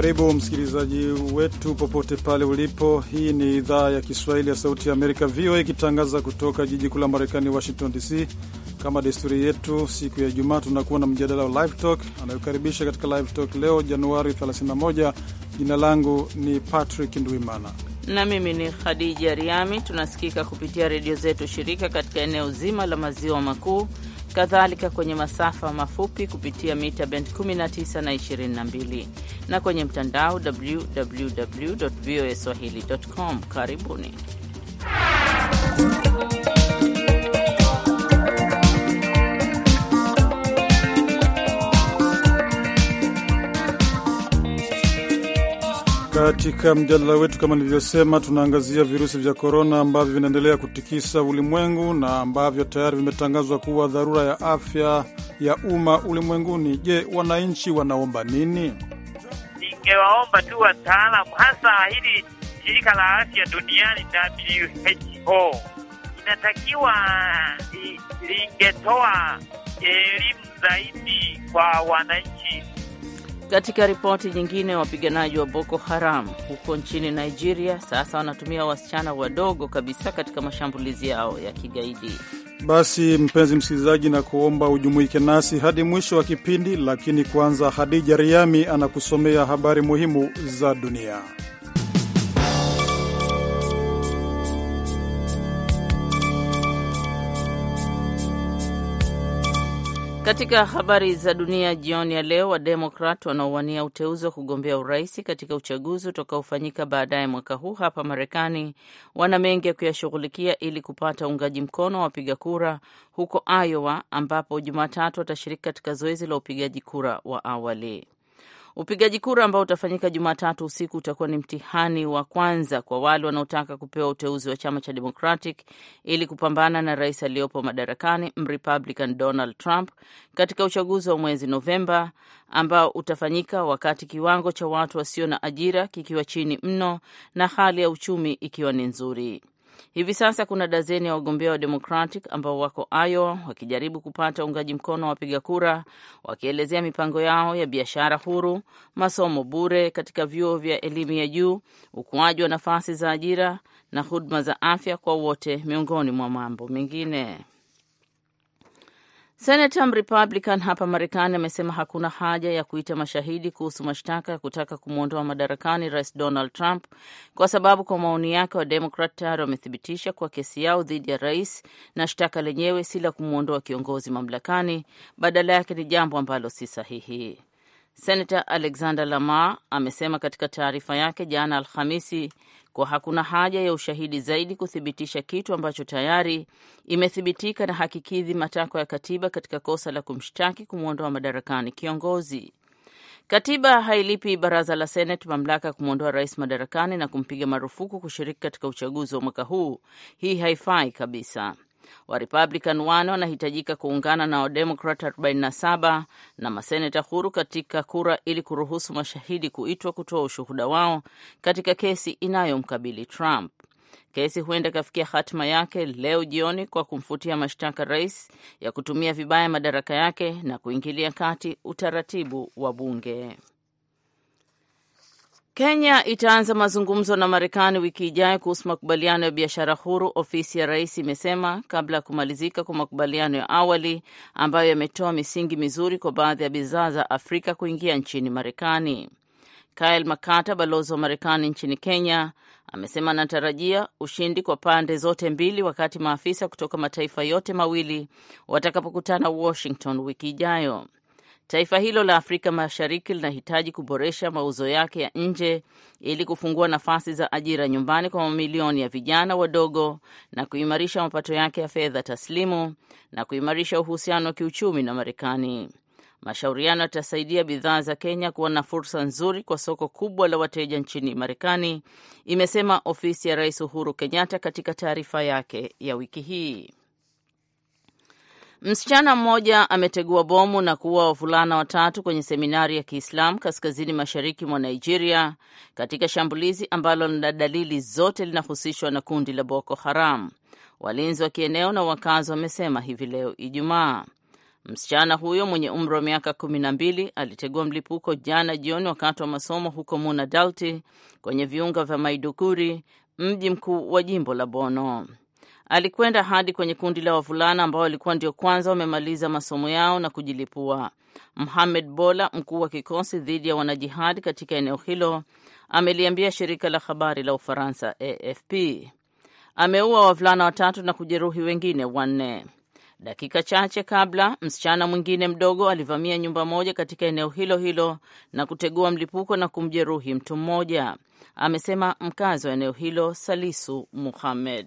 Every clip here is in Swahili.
Karibu msikilizaji wetu popote pale ulipo. Hii ni idhaa ya Kiswahili ya Sauti ya Amerika, VOA, ikitangaza kutoka jiji kuu la Marekani, Washington DC. Kama desturi yetu, siku ya Ijumaa tunakuwa na mjadala wa Live Talk anayokaribisha katika Live Talk leo Januari 31. Jina langu ni Patrick Ndwimana na mimi ni Khadija Riami. Tunasikika kupitia redio zetu shirika katika eneo zima la maziwa makuu kadhalika kwenye masafa mafupi kupitia mita bend 19 na 22 na kwenye mtandao www voa swahili com. Karibuni. Katika mjadala wetu kama nilivyosema, tunaangazia virusi vya korona ambavyo vinaendelea kutikisa ulimwengu na ambavyo tayari vimetangazwa kuwa dharura ya afya ya umma ulimwenguni. Je, wananchi wanaomba nini? Ningewaomba tu wataalamu, hasa hili shirika la afya duniani WHO inatakiwa lingetoa elimu zaidi kwa wananchi katika ripoti nyingine, wapiganaji wa Boko Haram huko nchini Nigeria sasa wanatumia wasichana wadogo kabisa katika mashambulizi yao ya kigaidi. Basi mpenzi msikilizaji, na kuomba ujumuike nasi hadi mwisho wa kipindi, lakini kwanza, Hadija Riami anakusomea habari muhimu za dunia. Katika habari za dunia jioni ya leo, Wademokrat wanaowania uteuzi wa kugombea urais katika uchaguzi utakaofanyika baadaye mwaka huu hapa Marekani wana mengi ya kuyashughulikia ili kupata uungaji mkono wa wapiga kura huko Iowa, ambapo Jumatatu watashiriki katika zoezi la upigaji kura wa awali. Upigaji kura ambao utafanyika Jumatatu usiku utakuwa ni mtihani wa kwanza kwa wale wanaotaka kupewa uteuzi wa chama cha Democratic ili kupambana na rais aliyopo madarakani Mrepublican Donald Trump katika uchaguzi wa mwezi Novemba ambao utafanyika wakati kiwango cha watu wasio na ajira kikiwa chini mno na hali ya uchumi ikiwa ni nzuri. Hivi sasa kuna dazeni ya wagombea wa Democratic ambao wako Iowa wakijaribu kupata uungaji mkono wa wapiga kura, wakielezea mipango yao ya biashara huru, masomo bure katika vyuo vya elimu ya juu, ukuaji wa nafasi za ajira na huduma za afya kwa wote, miongoni mwa mambo mengine. Senata Mrepublican hapa Marekani amesema hakuna haja ya kuita mashahidi kuhusu mashtaka ya kutaka kumwondoa madarakani Rais Donald Trump kwa sababu kwa maoni yake Wademokrat tayari wamethibitisha kwa kesi yao dhidi ya rais na shtaka lenyewe si la kumwondoa kiongozi mamlakani, badala yake ni jambo ambalo si sahihi. Senata Alexander Lamar amesema katika taarifa yake jana Alhamisi kuwa hakuna haja ya ushahidi zaidi kuthibitisha kitu ambacho tayari imethibitika na hakikidhi matakwa ya katiba katika kosa la kumshtaki kumwondoa madarakani kiongozi. Katiba hailipi baraza la senate mamlaka ya kumwondoa rais madarakani na kumpiga marufuku kushiriki katika uchaguzi wa mwaka huu. Hii haifai kabisa. Warepublican wane wanahitajika kuungana na Wademokrat 47 na maseneta huru katika kura ili kuruhusu mashahidi kuitwa kutoa ushuhuda wao katika kesi inayomkabili Trump. Kesi huenda ikafikia hatima yake leo jioni kwa kumfutia mashtaka rais ya kutumia vibaya madaraka yake na kuingilia kati utaratibu wa bunge. Kenya itaanza mazungumzo na Marekani wiki ijayo kuhusu makubaliano ya biashara huru, ofisi ya rais imesema, kabla ya kumalizika kwa makubaliano ya awali ambayo yametoa misingi mizuri kwa baadhi ya bidhaa za Afrika kuingia nchini Marekani. Kyle Makata, balozi wa Marekani nchini Kenya, amesema anatarajia ushindi kwa pande zote mbili wakati maafisa kutoka mataifa yote mawili watakapokutana Washington wiki ijayo. Taifa hilo la Afrika Mashariki linahitaji kuboresha mauzo yake ya nje ili kufungua nafasi za ajira nyumbani kwa mamilioni ya vijana wadogo na kuimarisha mapato yake ya fedha taslimu na kuimarisha uhusiano wa kiuchumi na Marekani. Mashauriano yatasaidia bidhaa za Kenya kuwa na fursa nzuri kwa soko kubwa la wateja nchini Marekani, imesema ofisi ya Rais Uhuru Kenyatta katika taarifa yake ya wiki hii. Msichana mmoja ametegua bomu na kuua wavulana watatu kwenye seminari ya Kiislamu kaskazini mashariki mwa Nigeria katika shambulizi ambalo lina dalili zote linahusishwa na kundi la Boko Haram. Walinzi wa kieneo na wakazi wamesema hivi leo Ijumaa. Msichana huyo mwenye umri wa miaka kumi na mbili alitegua mlipuko jana jioni wakati wa masomo huko Muna Dalti kwenye viunga vya Maiduguri, mji mkuu wa jimbo la bono Alikwenda hadi kwenye kundi la wavulana ambao walikuwa ndio kwanza wamemaliza masomo yao na kujilipua. Mohamed Bola, mkuu wa kikosi dhidi ya wanajihadi katika eneo hilo, ameliambia shirika la habari la Ufaransa AFP ameua wavulana watatu na kujeruhi wengine wanne. Dakika chache kabla, msichana mwingine mdogo alivamia nyumba moja katika eneo hilo hilo na kutegua mlipuko na kumjeruhi mtu mmoja, amesema mkazi wa eneo hilo Salisu Muhamed.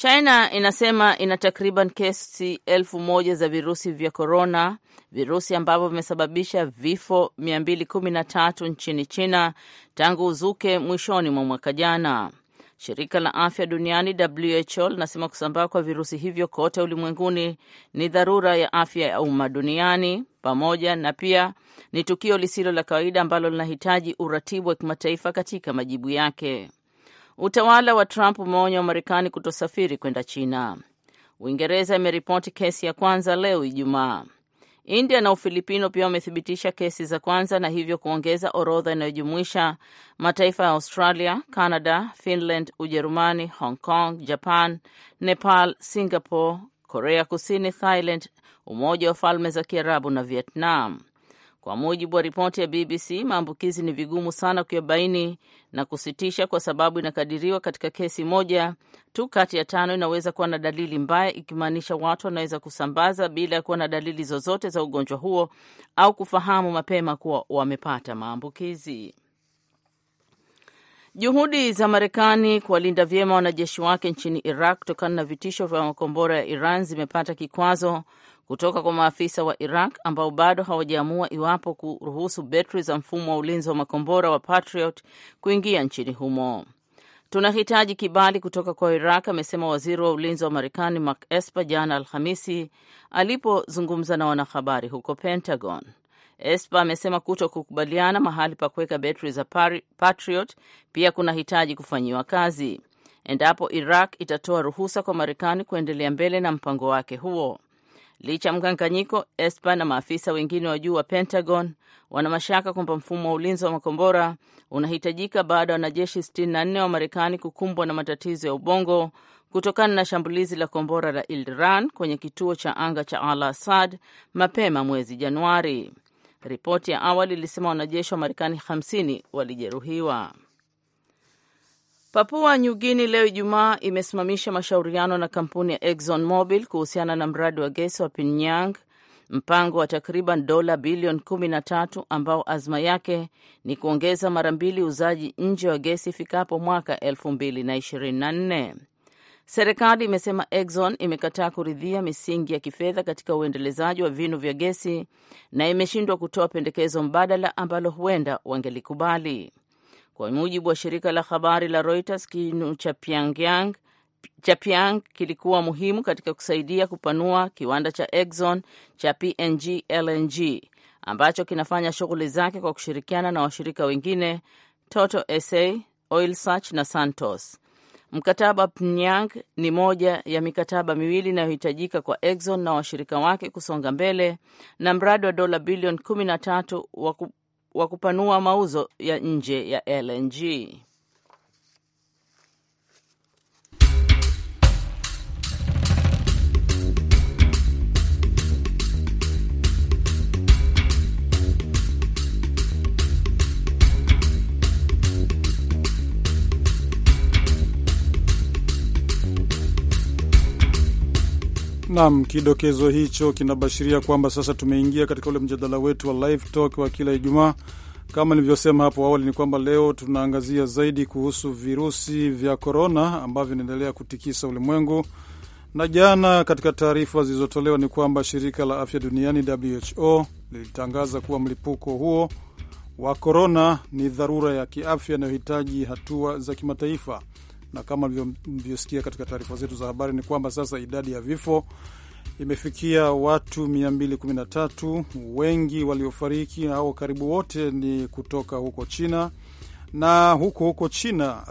China inasema ina takriban kesi elfu moja za virusi vya korona, virusi ambavyo vimesababisha vifo 213 nchini China tangu uzuke mwishoni mwa mwaka jana. Shirika la afya duniani WHO linasema kusambaa kwa virusi hivyo kote ulimwenguni ni dharura ya afya ya umma duniani, pamoja na pia ni tukio lisilo la kawaida ambalo linahitaji uratibu wa kimataifa katika majibu yake. Utawala wa Trump umeonya Wamarekani kutosafiri kwenda China. Uingereza imeripoti kesi ya kwanza leo Ijumaa. India na Ufilipino pia wamethibitisha kesi za kwanza na hivyo kuongeza orodha inayojumuisha mataifa ya Australia, Canada, Finland, Ujerumani, Hong Kong, Japan, Nepal, Singapore, Korea Kusini, Thailand, Umoja wa Falme za Kiarabu na Vietnam. Kwa mujibu wa ripoti ya BBC, maambukizi ni vigumu sana kuyabaini na kusitisha, kwa sababu inakadiriwa katika kesi moja tu kati ya tano inaweza kuwa na dalili mbaya, ikimaanisha watu wanaweza kusambaza bila ya kuwa na dalili zozote za ugonjwa huo au kufahamu mapema kuwa wamepata maambukizi. Juhudi za Marekani kuwalinda vyema wanajeshi wake nchini Iraq kutokana na vitisho vya makombora ya Iran zimepata kikwazo kutoka kwa maafisa wa Iraq ambao bado hawajaamua iwapo kuruhusu betri za mfumo wa ulinzi wa makombora wa Patriot kuingia nchini humo. Tunahitaji kibali kutoka kwa Iraq, amesema waziri wa ulinzi wa Marekani Mark Esper jana Alhamisi alipozungumza na wanahabari huko Pentagon. Esper amesema kuto kukubaliana mahali pa kuweka betri za Patriot pia kunahitaji kufanyiwa kazi endapo Iraq itatoa ruhusa kwa Marekani kuendelea mbele na mpango wake huo. Licha ya mkanganyiko, Esper na maafisa wengine wa juu wa Pentagon wana mashaka kwamba mfumo wa ulinzi wa makombora unahitajika baada ya wanajeshi 64 wa Marekani kukumbwa na matatizo ya ubongo kutokana na shambulizi la kombora la Iran kwenye kituo cha anga cha Al Asad mapema mwezi Januari. Ripoti ya awali ilisema wanajeshi wa Marekani 50 walijeruhiwa. Papua New Guinea leo Ijumaa imesimamisha mashauriano na kampuni ya Exxon Mobil kuhusiana na mradi wa gesi wa pinyang mpango wa takriban dola bilioni kumi na tatu ambao azma yake ni kuongeza mara mbili uzaji nje wa gesi ifikapo mwaka elfu mbili na ishirini na nne. Serikali imesema Exxon imekataa kuridhia misingi ya kifedha katika uendelezaji wa vinu vya gesi na imeshindwa kutoa pendekezo mbadala ambalo huenda wangelikubali. Kwa mujibu wa shirika la habari la Reuters, kinu cha Pyongyang Chapiang kilikuwa muhimu katika kusaidia kupanua kiwanda cha Exxon cha PNG LNG ambacho kinafanya shughuli zake kwa kushirikiana na washirika wengine Total SA, Oil Search na Santos. Mkataba wa Pyongyang ni moja ya mikataba miwili inayohitajika kwa Exxon na washirika wake kusonga mbele na mradi wa dola bilioni 13 wa wa kupanua mauzo ya nje ya LNG. Naam, kidokezo hicho kinabashiria kwamba sasa tumeingia katika ule mjadala wetu wa live talk wa kila Ijumaa. Kama nilivyosema hapo awali, ni kwamba leo tunaangazia zaidi kuhusu virusi vya korona ambavyo vinaendelea kutikisa ulimwengu. Na jana katika taarifa zilizotolewa ni kwamba shirika la afya duniani WHO lilitangaza kuwa mlipuko huo wa korona ni dharura ya kiafya inayohitaji hatua za kimataifa na kama mlivyosikia katika taarifa zetu za habari ni kwamba sasa idadi ya vifo imefikia watu 213. Wengi waliofariki au karibu wote ni kutoka huko China na huko huko China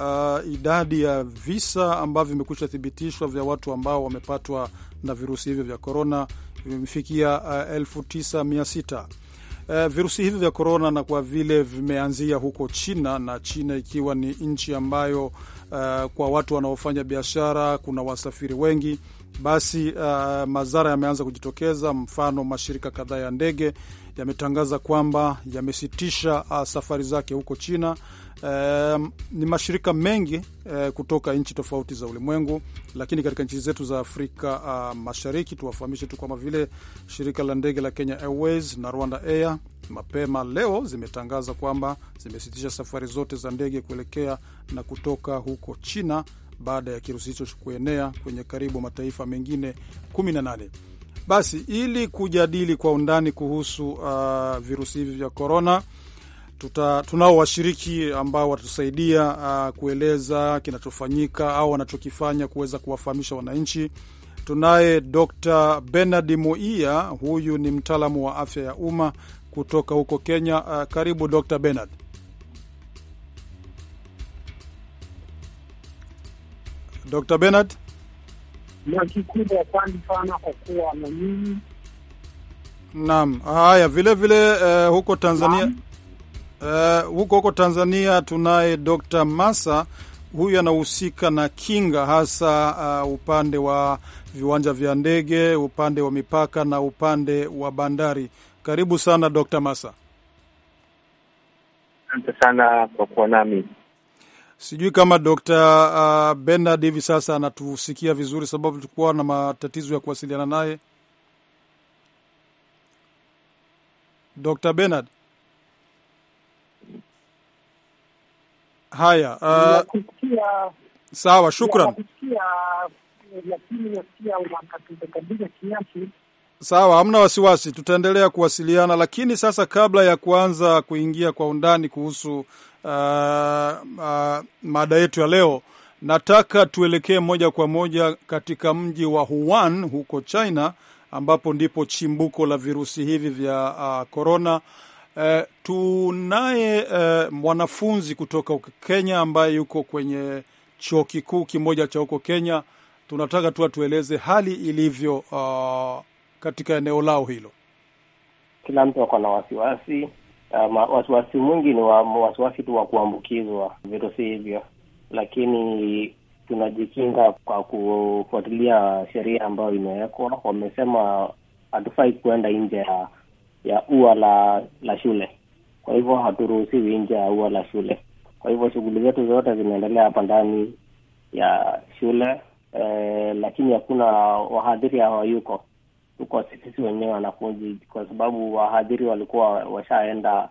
uh, idadi ya visa ambavyo vimekwisha thibitishwa vya watu ambao wamepatwa na virusi hivyo vya korona vimefikia uh, elfu tisa mia sita. Uh, virusi hivyo vya korona na kwa vile vimeanzia huko China na China ikiwa ni nchi ambayo uh, kwa watu wanaofanya biashara, kuna wasafiri wengi, basi uh, madhara yameanza kujitokeza. Mfano, mashirika kadhaa ya ndege yametangaza kwamba yamesitisha uh, safari zake huko China Um, ni mashirika mengi uh, kutoka nchi tofauti za ulimwengu, lakini katika nchi zetu za Afrika uh, Mashariki tuwafahamishe tu kama vile shirika la ndege la Kenya Airways na Rwanda Air mapema leo zimetangaza kwamba zimesitisha safari zote za ndege kuelekea na kutoka huko China baada ya kirusi hicho kuenea kwenye karibu mataifa mengine 18. Basi ili kujadili kwa undani kuhusu uh, virusi hivi vya korona tunao washiriki ambao watatusaidia uh, kueleza kinachofanyika au wanachokifanya kuweza kuwafahamisha wananchi. Tunaye Dr Benard Moia, huyu ni mtaalamu wa afya ya umma kutoka huko Kenya. Uh, karibu Dr Benard. Dr Benard, Naam, haya vilevile uh, huko Tanzania Naam. Eh, huko uh, huko Tanzania tunaye Dr. Massa, huyu anahusika na kinga hasa uh, upande wa viwanja vya ndege, upande wa mipaka na upande wa bandari. Karibu sana Dr. Massa. Asante sana kwa kuwa nami. Sijui kama Dr. Eh, Bernard hivi sasa anatusikia vizuri, sababu tulikuwa na matatizo ya kuwasiliana naye. Dr. Bernard Haya, uh, sawa, shukran. Eh, sawa, hamna wasiwasi, tutaendelea kuwasiliana. Lakini sasa, kabla ya kuanza kuingia kwa undani kuhusu uh, uh, mada yetu ya leo, nataka tuelekee moja kwa moja katika mji wa Wuhan huko China, ambapo ndipo chimbuko la virusi hivi vya korona uh, Eh, tunaye uh, mwanafunzi kutoka Kenya ambaye yuko kwenye chuo kikuu kimoja cha huko Kenya. Tunataka tu atueleze hali ilivyo uh, katika eneo lao hilo. Kila mtu ako na wasiwasi um, wasiwasi mwingi ni wa, wasiwasi tu wa kuambukizwa virusi hivyo, lakini tunajikinga kwa kufuatilia sheria ambayo imewekwa. Wamesema hatufai kuenda nje ya ya ua la la shule, kwa hivyo haturuhusiwi nje ya ua la shule. Kwa hivyo shughuli zetu zote zinaendelea hapa ndani ya shule e, lakini hakuna wahadhiri hawayuko, tuko sisi wenyewe wanafunzi, kwa sababu wahadhiri walikuwa washaenda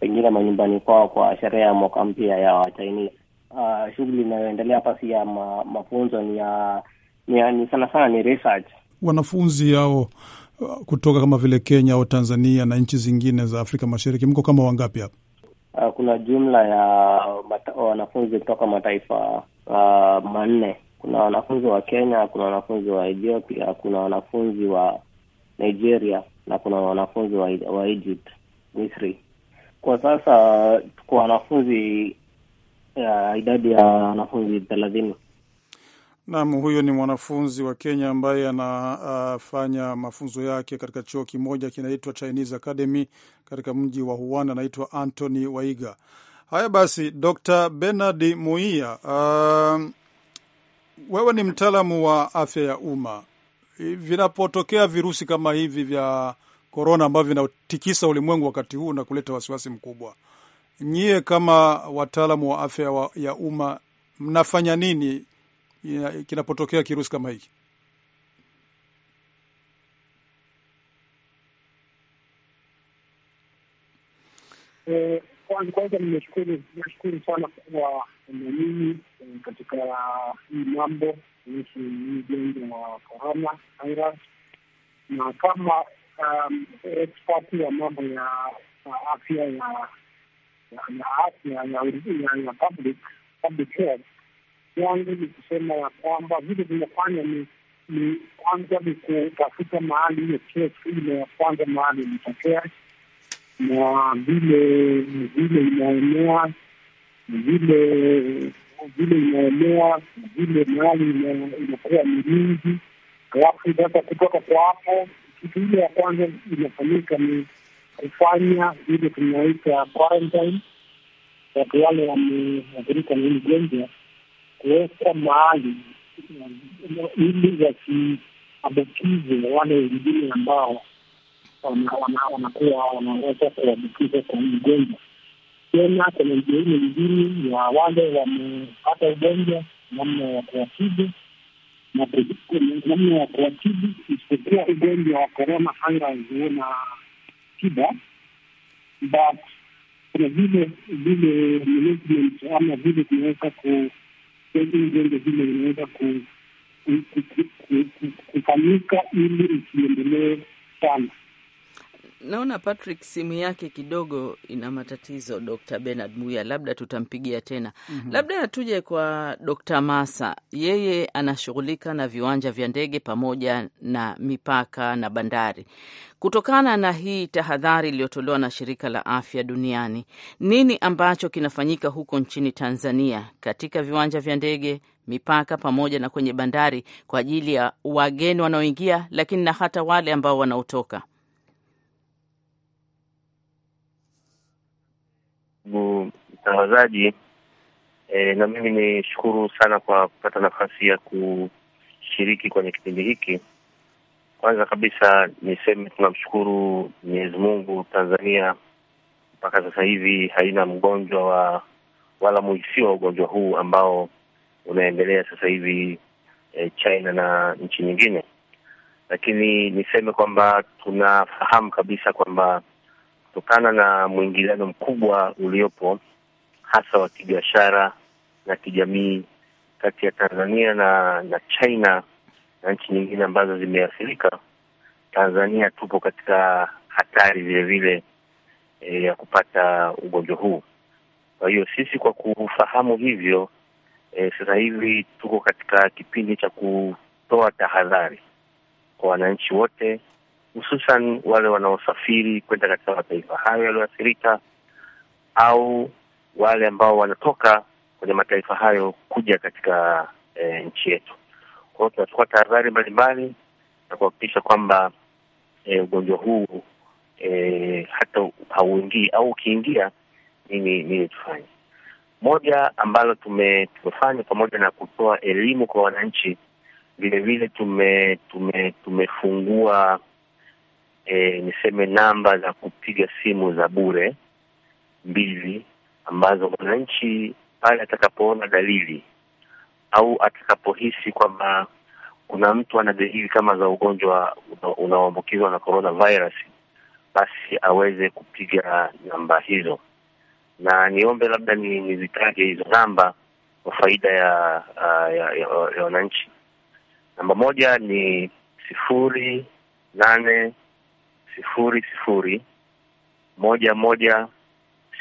pengine manyumbani kwao kwa sherehe ya mwaka mpya ya wachaini Uh, ah, shughuli inayoendelea hapa si ya ma, mafunzo ni ya, ni ni sana sana ni research. Wanafunzi hao kutoka kama vile Kenya au Tanzania na nchi zingine za Afrika Mashariki? Mko kama wangapi hapa? Uh, kuna jumla ya wanafunzi kutoka mataifa uh, manne. Kuna wanafunzi wa Kenya, kuna wanafunzi wa Ethiopia, kuna wanafunzi wa Nigeria na kuna wanafunzi wa, wa Egypt, Misri. Kwa sasa tuko wanafunzi uh, idadi ya wanafunzi thelathini. Naam, huyo ni mwanafunzi wa Kenya ambaye anafanya mafunzo yake katika chuo kimoja kinaitwa Chinese Academy katika mji wa Wuhan, anaitwa Anthony Waiga. Haya basi, Dr. Bernard Muia, uh, um, wewe ni mtaalamu wa afya ya umma. Vinapotokea virusi kama hivi vya korona ambavyo vinatikisa ulimwengu wakati huu na kuleta wasiwasi mkubwa, nyie kama wataalamu wa afya ya umma mnafanya nini kinapotokea kirusi kama hiki? Eh, kwanza nimeshukuru nashukuru sana kuwa na eh, katika hii mambo kuhusu ugonjwa wa corona virus, na kama um, expert ya mambo ya afya ya afya ya public health yangu ni kusema ya kwamba vile vimefanya ni ni kwanza ni kutafuta mahali hiyo kesi ile ya kwanza mahali ilitokea, na vile vile inaenea vile vile inaenea vile mahali inakuwa ni mingi alafu sasa kutoka kwa hapo, kitu ile ya kwanza inafanyika ni kufanya vile tunaita quarantine, watu wale wameathirika na hili gonjwa kuwekwa mahali eh, ili wasiambukize wale wengine ambao wanakuwa wanaweza kuambukiza kwa ugonjwa. Tena kuna njia ile ya wale wamepata ugonjwa, namna ya kuwatibu na namna ya kuwatibu, isipokuwa ugonjwa wa korona haiwaziona tiba but kuna vile vile management ama vile tunaweza ku pengine jengo hilo linaweza kufanyika ili isiendelee sana. Naona Patrick simu yake kidogo ina matatizo. Dr Benard Muya labda tutampigia tena. mm -hmm. Labda tuje kwa Dr Masa, yeye anashughulika na viwanja vya ndege pamoja na mipaka na bandari. Kutokana na hii tahadhari iliyotolewa na shirika la afya duniani, nini ambacho kinafanyika huko nchini Tanzania katika viwanja vya ndege, mipaka pamoja na kwenye bandari kwa ajili ya wageni wanaoingia, lakini na hata wale ambao wanaotoka? ndugu mtangazaji. E, na mimi nishukuru sana kwa kupata nafasi ya kushiriki kwenye kipindi hiki. Kwanza kabisa niseme tunamshukuru Mwenyezi Mungu, Tanzania mpaka sasa hivi haina mgonjwa wa wala muhisiwa wa ugonjwa huu ambao unaendelea sasa hivi e, China na nchi nyingine, lakini niseme kwamba tunafahamu kabisa kwamba kutokana na mwingiliano mkubwa uliopo hasa wa kibiashara na kijamii kati ya Tanzania na na China na nchi nyingine ambazo zimeathirika. Tanzania tupo katika hatari vile vile e, ya kupata ugonjwa huu. Kwa hiyo sisi kwa kufahamu hivyo e, sasa hivi tuko katika kipindi cha kutoa tahadhari kwa wananchi wote hususan wale wanaosafiri kwenda katika mataifa hayo yaliyoathirika au wale ambao wanatoka kwenye mataifa hayo kuja katika e, nchi yetu. kwao tunachukua tahadhari mbalimbali na kuhakikisha kwamba e, ugonjwa huu e, hata hauingii au ukiingia, nini nini tufanye. Moja ambalo tume, tumefanya pamoja na kutoa elimu kwa wananchi, vilevile tume, tume, tumefungua e, niseme namba za kupiga simu za bure mbili ambazo mwananchi pale atakapoona dalili au atakapohisi kwamba kuna mtu ana dalili kama za ugonjwa unaoambukizwa na virus basi aweze kupiga namba hizo, na niombe labda nizitaje hizo namba kwa faida ya ya wananchi. Namba moja ni sifuri nane sifuri sifuri moja moja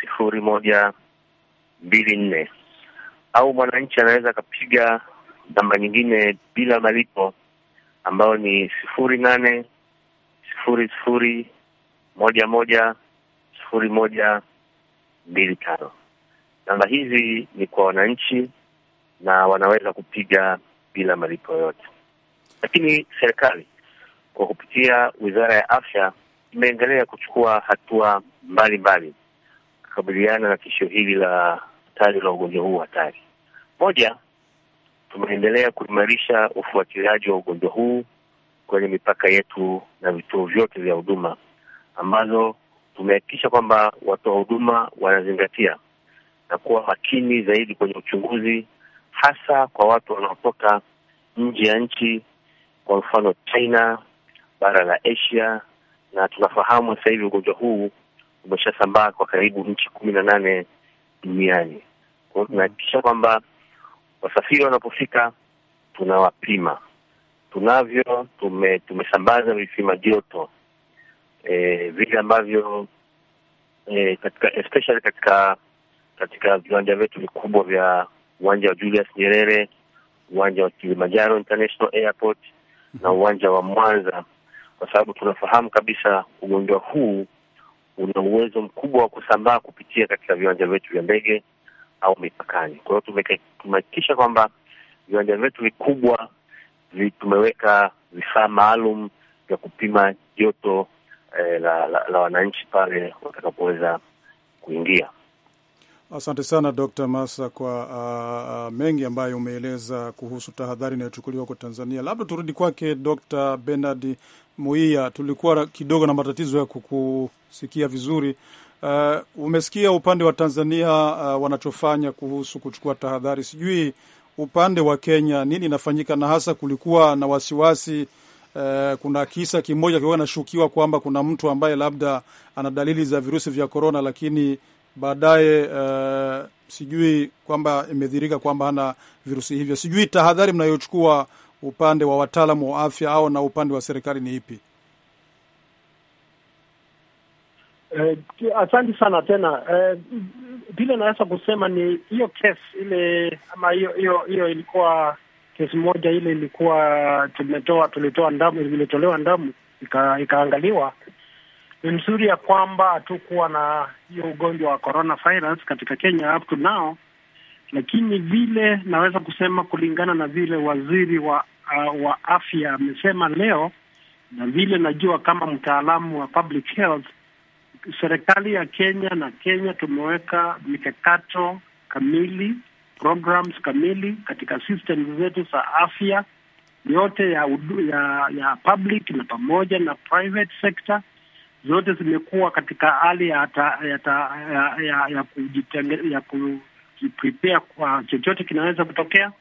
sifuri moja mbili nne au mwananchi anaweza akapiga namba nyingine bila malipo ambayo ni sifuri nane sifuri sifuri moja moja sifuri moja mbili tano. Namba hizi ni kwa wananchi na wanaweza kupiga bila malipo yoyote, lakini serikali kwa kupitia Wizara ya Afya imeendelea kuchukua hatua mbalimbali kukabiliana na tishio hili la hatari la ugonjwa huu hatari. Moja, tumeendelea kuimarisha ufuatiliaji wa ugonjwa huu kwenye mipaka yetu na vituo vyote vya huduma ambazo tumehakikisha kwamba watoa huduma wanazingatia na kuwa makini zaidi kwenye uchunguzi, hasa kwa watu wanaotoka nje ya nchi, kwa mfano China, bara la Asia na tunafahamu sasa hivi ugonjwa huu umeshasambaa kwa karibu nchi kumi na nane duniani. tunahakikisha kwamba wasafiri wanapofika tunawapima. Tunavyo tume, tumesambaza vipima joto e, vile ambavyo e, katika especially katika katika viwanja vyetu vikubwa vya uwanja wa Julius Nyerere, uwanja wa Kilimanjaro International Airport na uwanja wa Mwanza kwa sababu tunafahamu kabisa ugonjwa huu una uwezo mkubwa wa kusambaa kupitia katika viwanja vyetu vya ndege au mipakani. Kwa hiyo tumehakikisha kwamba viwanja vyetu vikubwa tumeweka vifaa maalum vya kupima joto eh, la, la, la wananchi pale watakapoweza kuingia. Asante sana Dr. Massa kwa uh, uh, mengi ambayo umeeleza kuhusu tahadhari inayochukuliwa kwa Tanzania. Labda turudi kwake Dr. Bernard Muia, tulikuwa kidogo na matatizo ya kukusikia vizuri. Uh, umesikia upande wa Tanzania uh, wanachofanya kuhusu kuchukua tahadhari. Sijui upande wa Kenya nini inafanyika, na hasa kulikuwa na wasiwasi Uh, kuna kisa kimoja kiwa anashukiwa kwamba kuna mtu ambaye labda ana dalili za virusi vya korona, lakini baadaye uh, sijui kwamba imedhirika kwamba hana virusi hivyo. Sijui tahadhari mnayochukua upande wa wataalamu wa afya au na upande wa serikali ni ipi? Eh, asante sana tena eh, vile eh, naweza kusema ni hiyo kesi ile ama hiyo hiyo hiyo ilikuwa kesi moja ile ilikuwa tumetoa tulitoa ndamu ilitolewa ndamu ika, ikaangaliwa. Ni mzuri ya kwamba hatukuwa na hiyo ugonjwa wa coronavirus katika Kenya up to now, lakini vile naweza kusema kulingana na vile waziri wa uh, wa afya amesema leo, na vile najua kama mtaalamu wa public health, serikali ya Kenya na Kenya tumeweka mikakato kamili, programs kamili katika system zetu za afya yote ya, ya, ya public na pamoja na private sector zote zimekuwa katika hali ya, ya, ya, ya, ya kujiprepare kwa chochote kinaweza kutokea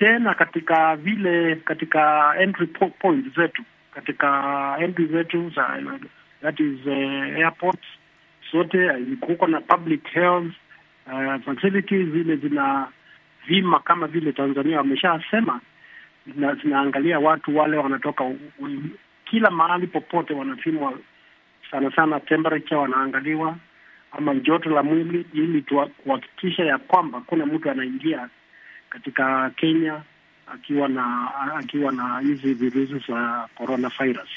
tena katika vile katika entry point zetu katika entry zetu za that is uh, airports zote eh, kuko na public health uh, facilities zile zina vima kama vile Tanzania wameshasema, zinaangalia watu wale wanatoka kila mahali popote, wanapimwa sana sana temperature wanaangaliwa, ama joto la mwili, ili kuhakikisha ya kwamba kuna mtu anaingia katika Kenya akiwa na akiwa na hizi virusi za coronavirus.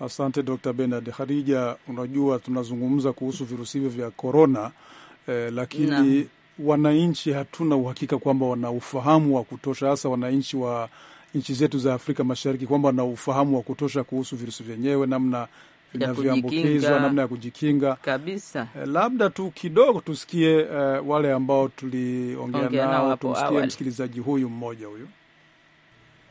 Asante Dr. Bernard. Hadija, unajua tunazungumza kuhusu virusi hivyo vya corona eh, lakini na wananchi hatuna uhakika kwamba wana ufahamu wa kutosha, hasa wananchi wa nchi zetu za Afrika Mashariki, kwamba wana ufahamu wa kutosha kuhusu virusi vyenyewe, namna vinavyoambukizwa, namna ya kujikinga kabisa. Eh, labda tu kidogo tusikie uh, wale ambao tuliongea okay, nao, tumsikie msikilizaji huyu mmoja huyu.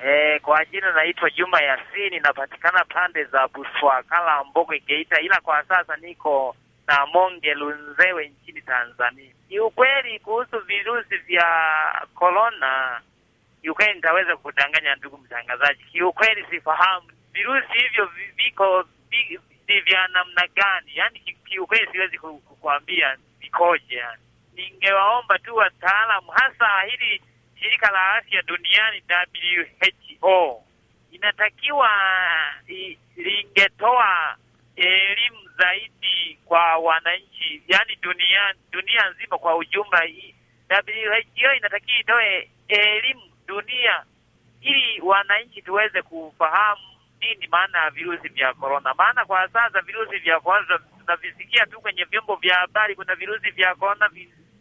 E, kwa jina naitwa Juma Yasini, napatikana pande za Buswakala, Mbogo, Geita, ila kwa sasa niko na Monge Lunzewe nchini Tanzania. Ni ukweli kuhusu virusi vya korona, kiukweli nitaweza kudanganya ndugu mtangazaji, kiukweli sifahamu virusi hivyo viko ni vya namna gani? Yani kiukweli siwezi kukuambia vikoje. Yani ningewaomba tu wataalamu, hasa hili shirika la afya duniani WHO inatakiwa lingetoa elimu zaidi kwa wananchi, yani dunia dunia nzima kwa ujumla. WHO inatakiwa itoe elimu dunia ili wananchi tuweze kufahamu nini maana ya virusi vya korona, maana kwa sasa virusi vya korona tunavisikia tu kwenye vyombo vya habari, kuna virusi vya korona,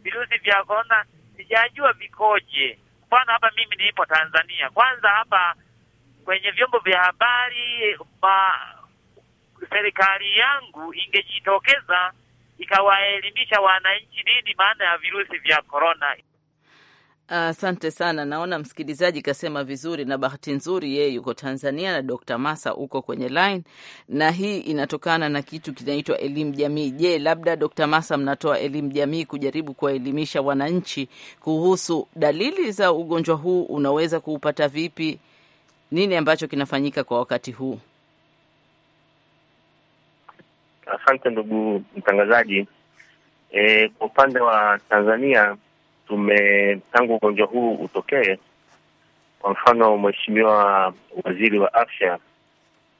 virusi vya korona, sijajua vikoje. Mfano hapa mimi nipo Tanzania, kwanza hapa kwenye vyombo vya habari ma serikali yangu ingejitokeza ikawaelimisha wananchi nini maana ya virusi vya korona. Asante uh, sana. Naona msikilizaji kasema vizuri, na bahati nzuri yeye yuko Tanzania na Dr. Masa uko kwenye line, na hii inatokana na kitu kinaitwa elimu jamii. Je, labda Dr. Masa mnatoa elimu jamii kujaribu kuwaelimisha wananchi kuhusu dalili za ugonjwa huu, unaweza kuupata vipi? Nini ambacho kinafanyika kwa wakati huu? Asante ndugu mtangazaji. E, kwa upande wa Tanzania tume tangu ugonjwa huu utokee, kwa mfano mheshimiwa waziri wa afya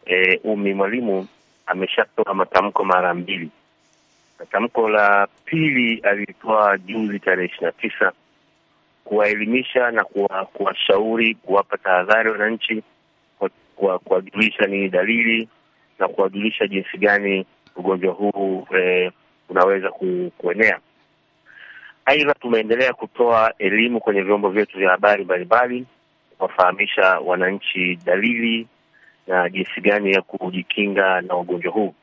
e, Umi Mwalimu ameshatoa matamko mara mbili. Tamko la pili alitoa juzi tarehe ishirini na tisa kuwaelimisha na kuwashauri kuwa kuwapa tahadhari wananchi, kuwajulisha nini dalili na kuwajulisha jinsi gani ugonjwa huu e, unaweza ku, kuenea. Aidha, tumeendelea kutoa elimu kwenye vyombo vyetu vya habari mbalimbali, kuwafahamisha wananchi dalili na jinsi gani ya kujikinga na ugonjwa huu.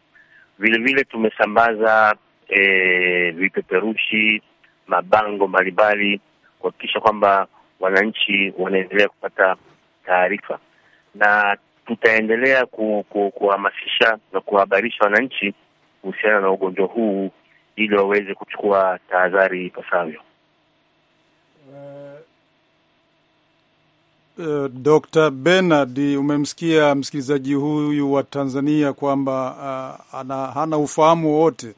Vilevile tumesambaza e, vipeperushi, mabango mbalimbali kuhakikisha kwamba wananchi wanaendelea kupata taarifa, na tutaendelea kuhamasisha ku, na kuhabarisha wananchi kuhusiana na ugonjwa huu ili waweze kuchukua tahadhari ipasavyo. Uh, eh, eh, Dr. Bernard, umemsikia msikilizaji huyu wa Tanzania kwamba uh, ana, hana ufahamu wowote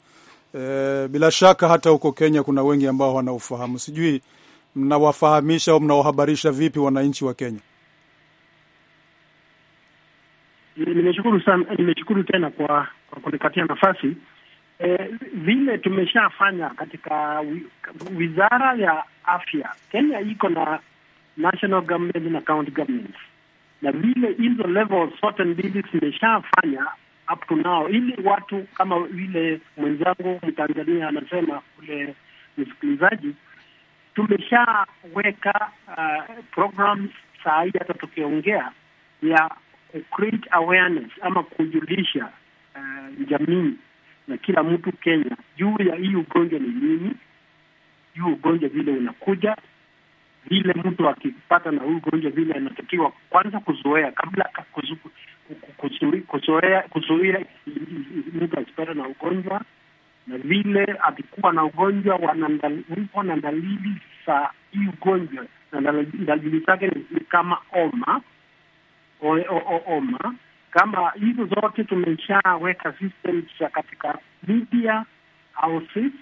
uh, bila shaka hata huko Kenya kuna wengi ambao wana ufahamu. Sijui mnawafahamisha au mnawahabarisha vipi wananchi wa Kenya? Nimeshukuru sana, nimeshukuru tena kwa, kwa kunipatia nafasi eh, vile tumeshafanya katika wizara ya afya Kenya iko na national government na county government, na vile hizo level zote mbili zimeshafanya up to now, ili watu kama vile mwenzangu Mtanzania anasema ule msikilizaji, tumeshaweka uh, programs saa hii hata tukiongea ya create awareness ama kujulisha uh, jamii na kila mtu Kenya juu ya hii ugonjwa ni nini, juu ugonjwa vile unakuja, vile mtu akipata na huu ugonjwa vile anatakiwa kwanza kuzoea kabla kuzu, kuzoea kuzuia mtu asipata na ugonjwa, na vile akikuwa na ugonjwa wanapo na dalili za hii ugonjwa na dalili zake ni kama oma o, o, o, oma kama hizo zote tumeshaweka systems katika media houses,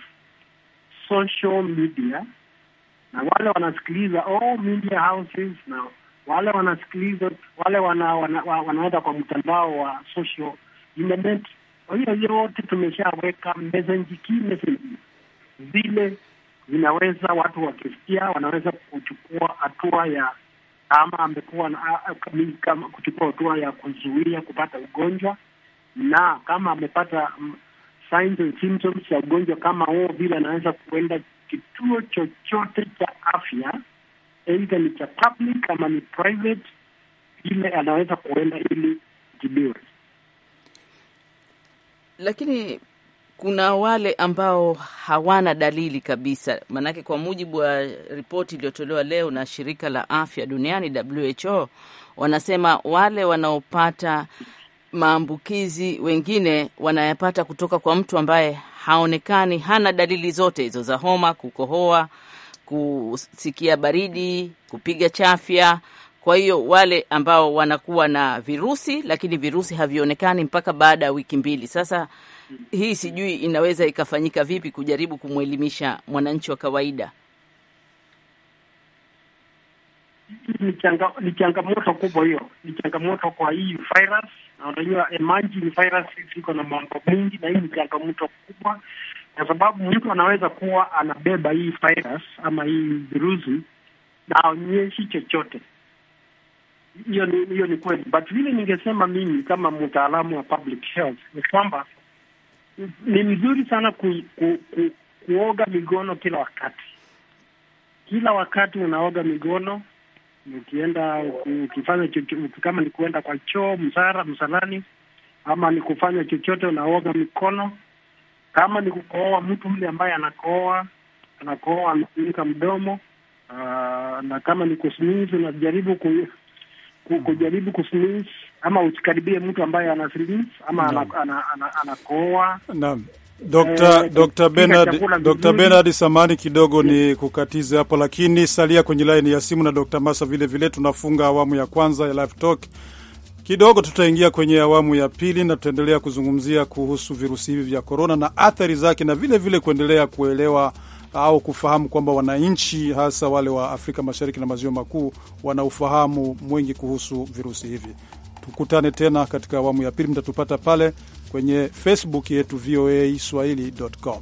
social media na wale wanasikiliza all media houses na wale wanasikiliza wale wana, wana, wanaenda kwa mtandao wa social internet. Kwa hiyo yote tumeshaweka message key message zile zinaweza watu wakisikia wanaweza kuchukua hatua ya ama amekuwa kuchukua hatua ya kuzuia kupata ugonjwa, na kama amepata mm, signs and symptoms ya ugonjwa kama huo vile, anaweza kuenda kituo chochote cha afya, aidha ni cha public ama ni private, ile anaweza kuenda ili jibiwe Lakini kuna wale ambao hawana dalili kabisa, maanake kwa mujibu wa ripoti iliyotolewa leo na shirika la afya duniani WHO, wanasema wale wanaopata maambukizi wengine wanayapata kutoka kwa mtu ambaye haonekani, hana dalili zote hizo za homa, kukohoa, kusikia baridi, kupiga chafya kwa hiyo wale ambao wanakuwa na virusi lakini virusi havionekani mpaka baada ya wiki mbili. Sasa hii sijui inaweza ikafanyika vipi kujaribu kumwelimisha mwananchi wa kawaida? Ni changamoto kubwa hiyo, ni changamoto kwa hii virus. Na unajua emerging virus ziko na mambo mengi, na hii ni changamoto kubwa, kwa sababu mtu anaweza kuwa anabeba hii virus ama hii virusi na aonyeshi chochote hiyo ni hiyo ni kweli, but vile ningesema mimi kama mtaalamu wa public health ni kwamba ni mzuri sana ku, ku, ku, kuoga migono kila wakati. Kila wakati unaoga migono, ukienda ukifanya kama ni kuenda kwa choo, msara, msalani, ama ni kufanya chochote, unaoga mikono. Kama ni kukooa, mtu mle ambaye anakooa anakooa anafunika mdomo. Uh, na kama ni kusimizi, unajaribu Mm. kujaribu kuslims ama usikaribie mtu ambaye ana ama anakooa naam. Dr. Eh, Dr. Bernard Dr. Bernard samani kidogo ni kukatiza hapo, lakini salia kwenye laini ya simu na Dr. Masa vile vile. Tunafunga awamu ya kwanza ya live talk kidogo, tutaingia kwenye awamu ya pili na tutaendelea kuzungumzia kuhusu virusi hivi vya korona na athari zake na vile vile kuendelea kuelewa au kufahamu kwamba wananchi hasa wale wa Afrika Mashariki na Maziwa Makuu wana ufahamu mwingi kuhusu virusi hivi. Tukutane tena katika awamu ya pili, mtatupata pale kwenye Facebook yetu voa swahili.com.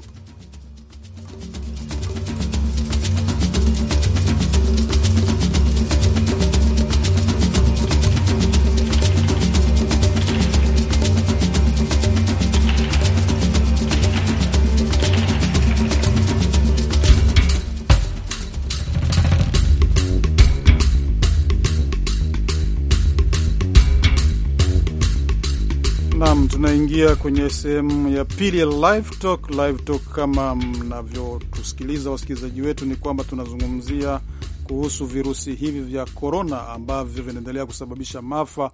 tunaingia kwenye sehemu ya pili ya live talk. Live talk, kama mnavyotusikiliza wasikilizaji wetu, ni kwamba tunazungumzia kuhusu virusi hivi vya korona ambavyo vinaendelea kusababisha maafa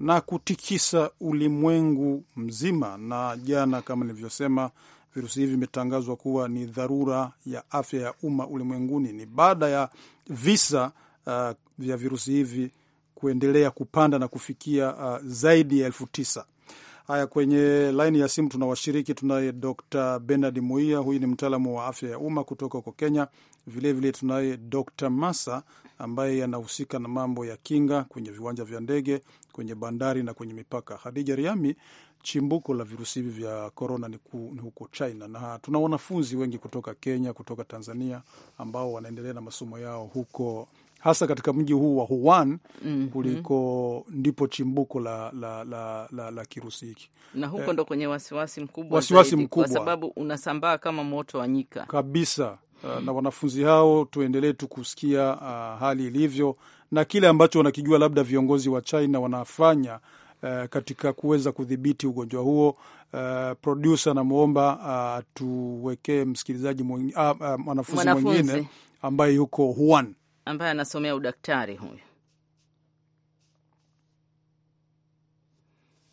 na kutikisa ulimwengu mzima. Na jana, kama nilivyosema, virusi hivi vimetangazwa kuwa ni dharura ya afya ya umma ulimwenguni. Ni baada ya visa uh, vya virusi hivi kuendelea kupanda na kufikia uh, zaidi ya elfu tisa. Haya, kwenye laini ya simu tunawashiriki, tunaye Dr Benard Muia, huyu ni mtaalamu wa afya ya umma kutoka huko Kenya. Vilevile tunaye Dr Masa ambaye anahusika na mambo ya kinga kwenye viwanja vya ndege, kwenye bandari na kwenye mipaka. Hadija Riami, chimbuko la virusi hivi vya korona ni, ni huko China na tuna wanafunzi wengi kutoka Kenya, kutoka Tanzania ambao wanaendelea na masomo yao huko hasa katika mji huu wa Wuhan mm -hmm. kuliko ndipo chimbuko la, la, la, la, la kirusi hiki, na huko eh, ndo kwenye wasiwasi mkubwa, wasiwasi mkubwa, kwa sababu unasambaa kama moto wa nyika kabisa mm -hmm. na wanafunzi hao, tuendelee tu kusikia uh, hali ilivyo na kile ambacho wanakijua labda viongozi wa China wanafanya Uh, katika kuweza kudhibiti ugonjwa huo. Uh, eh, produsa namwomba atuwekee ah, uh, msikilizaji ah, mwanafunzi mwingine ambaye yuko Wuhan ambaye anasomea udaktari huyu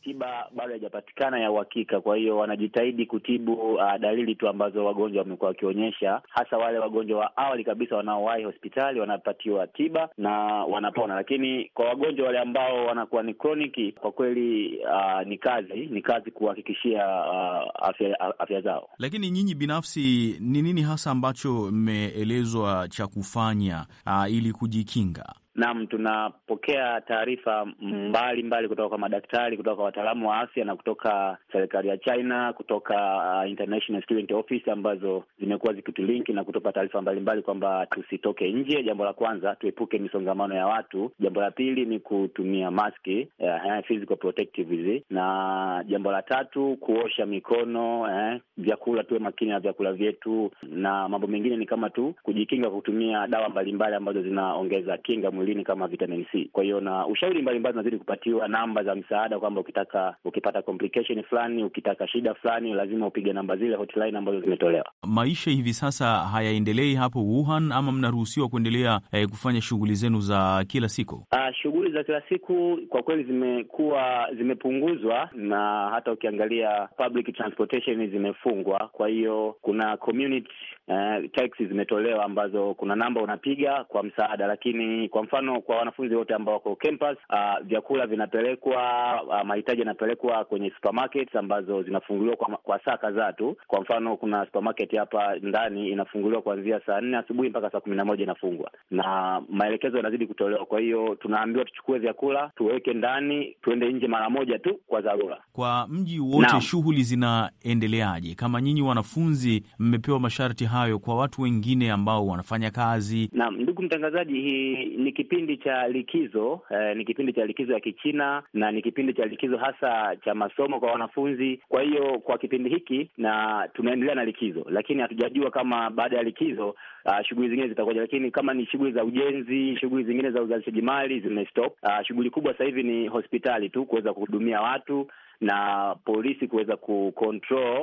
tiba bado haijapatikana ya uhakika. Kwa hiyo wanajitahidi kutibu uh, dalili tu ambazo wagonjwa wamekuwa wakionyesha, hasa wale wagonjwa wa awali kabisa wanaowahi hospitali wanapatiwa tiba na wanapona, lakini kwa wagonjwa wale ambao wanakuwa ni kroniki, kwa kweli uh, ni kazi, ni kazi kuhakikishia uh, afya, afya zao. Lakini nyinyi binafsi, ni nini hasa ambacho mmeelezwa cha kufanya uh, ili kujikinga? Naam, tunapokea taarifa mbalimbali kutoka kwa madaktari, kutoka kwa wataalamu wa afya na kutoka serikali ya China, kutoka uh, International Student Office ambazo zimekuwa zikitulinki na kutupa taarifa mbalimbali kwamba tusitoke nje. Jambo la kwanza, tuepuke misongamano ya watu. Jambo la pili ni kutumia maski, uh, eh, physical protective hizi, na jambo la tatu kuosha mikono eh, vyakula, tuwe makini na vyakula vyetu, na mambo mengine ni kama tu kujikinga kwa kutumia dawa mbalimbali ambazo zinaongeza kinga mwili mwilini kama vitamin C. Kwa hiyo na ushauri mbalimbali unazidi kupatiwa namba za msaada kwamba ukitaka ukipata complication fulani, ukitaka shida fulani, lazima upige namba zile hotline ambazo zimetolewa. Maisha hivi sasa hayaendelei hapo Wuhan ama mnaruhusiwa kuendelea eh, kufanya shughuli zenu za kila siku? Uh, shughuli za kila siku kwa kweli zimekuwa zimepunguzwa, na hata ukiangalia public transportation zimefungwa. Kwa hiyo kuna community uh, taxi zimetolewa ambazo kuna namba unapiga kwa msaada, lakini kwa mfano mfano kwa wanafunzi wote ambao wako campus, uh, vyakula vinapelekwa, uh, mahitaji yanapelekwa kwenye supermarket ambazo zinafunguliwa kwa, kwa saa kadhaa tu. Kwa mfano kuna supermarket hapa ndani inafunguliwa kuanzia saa nne asubuhi mpaka saa kumi na moja inafungwa, na maelekezo yanazidi kutolewa. Kwa hiyo tunaambiwa tuchukue vyakula tuweke ndani, tuende nje mara moja tu kwa dharura. Kwa mji wote shughuli zinaendeleaje? Kama nyinyi wanafunzi mmepewa masharti hayo, kwa watu wengine ambao wanafanya kazi? Naam, ndugu mtangazaji, hii ni kipindi cha likizo eh, ni kipindi cha likizo ya Kichina na ni kipindi cha likizo hasa cha masomo kwa wanafunzi. Kwa hiyo kwa kipindi hiki na tunaendelea na likizo, lakini hatujajua kama baada ya likizo uh, shughuli zingine zitakuja, lakini kama ni shughuli za ujenzi, shughuli zingine za uzalishaji mali zimestop. Uh, ah, shughuli kubwa sasa hivi ni hospitali tu kuweza kuhudumia watu na polisi kuweza ku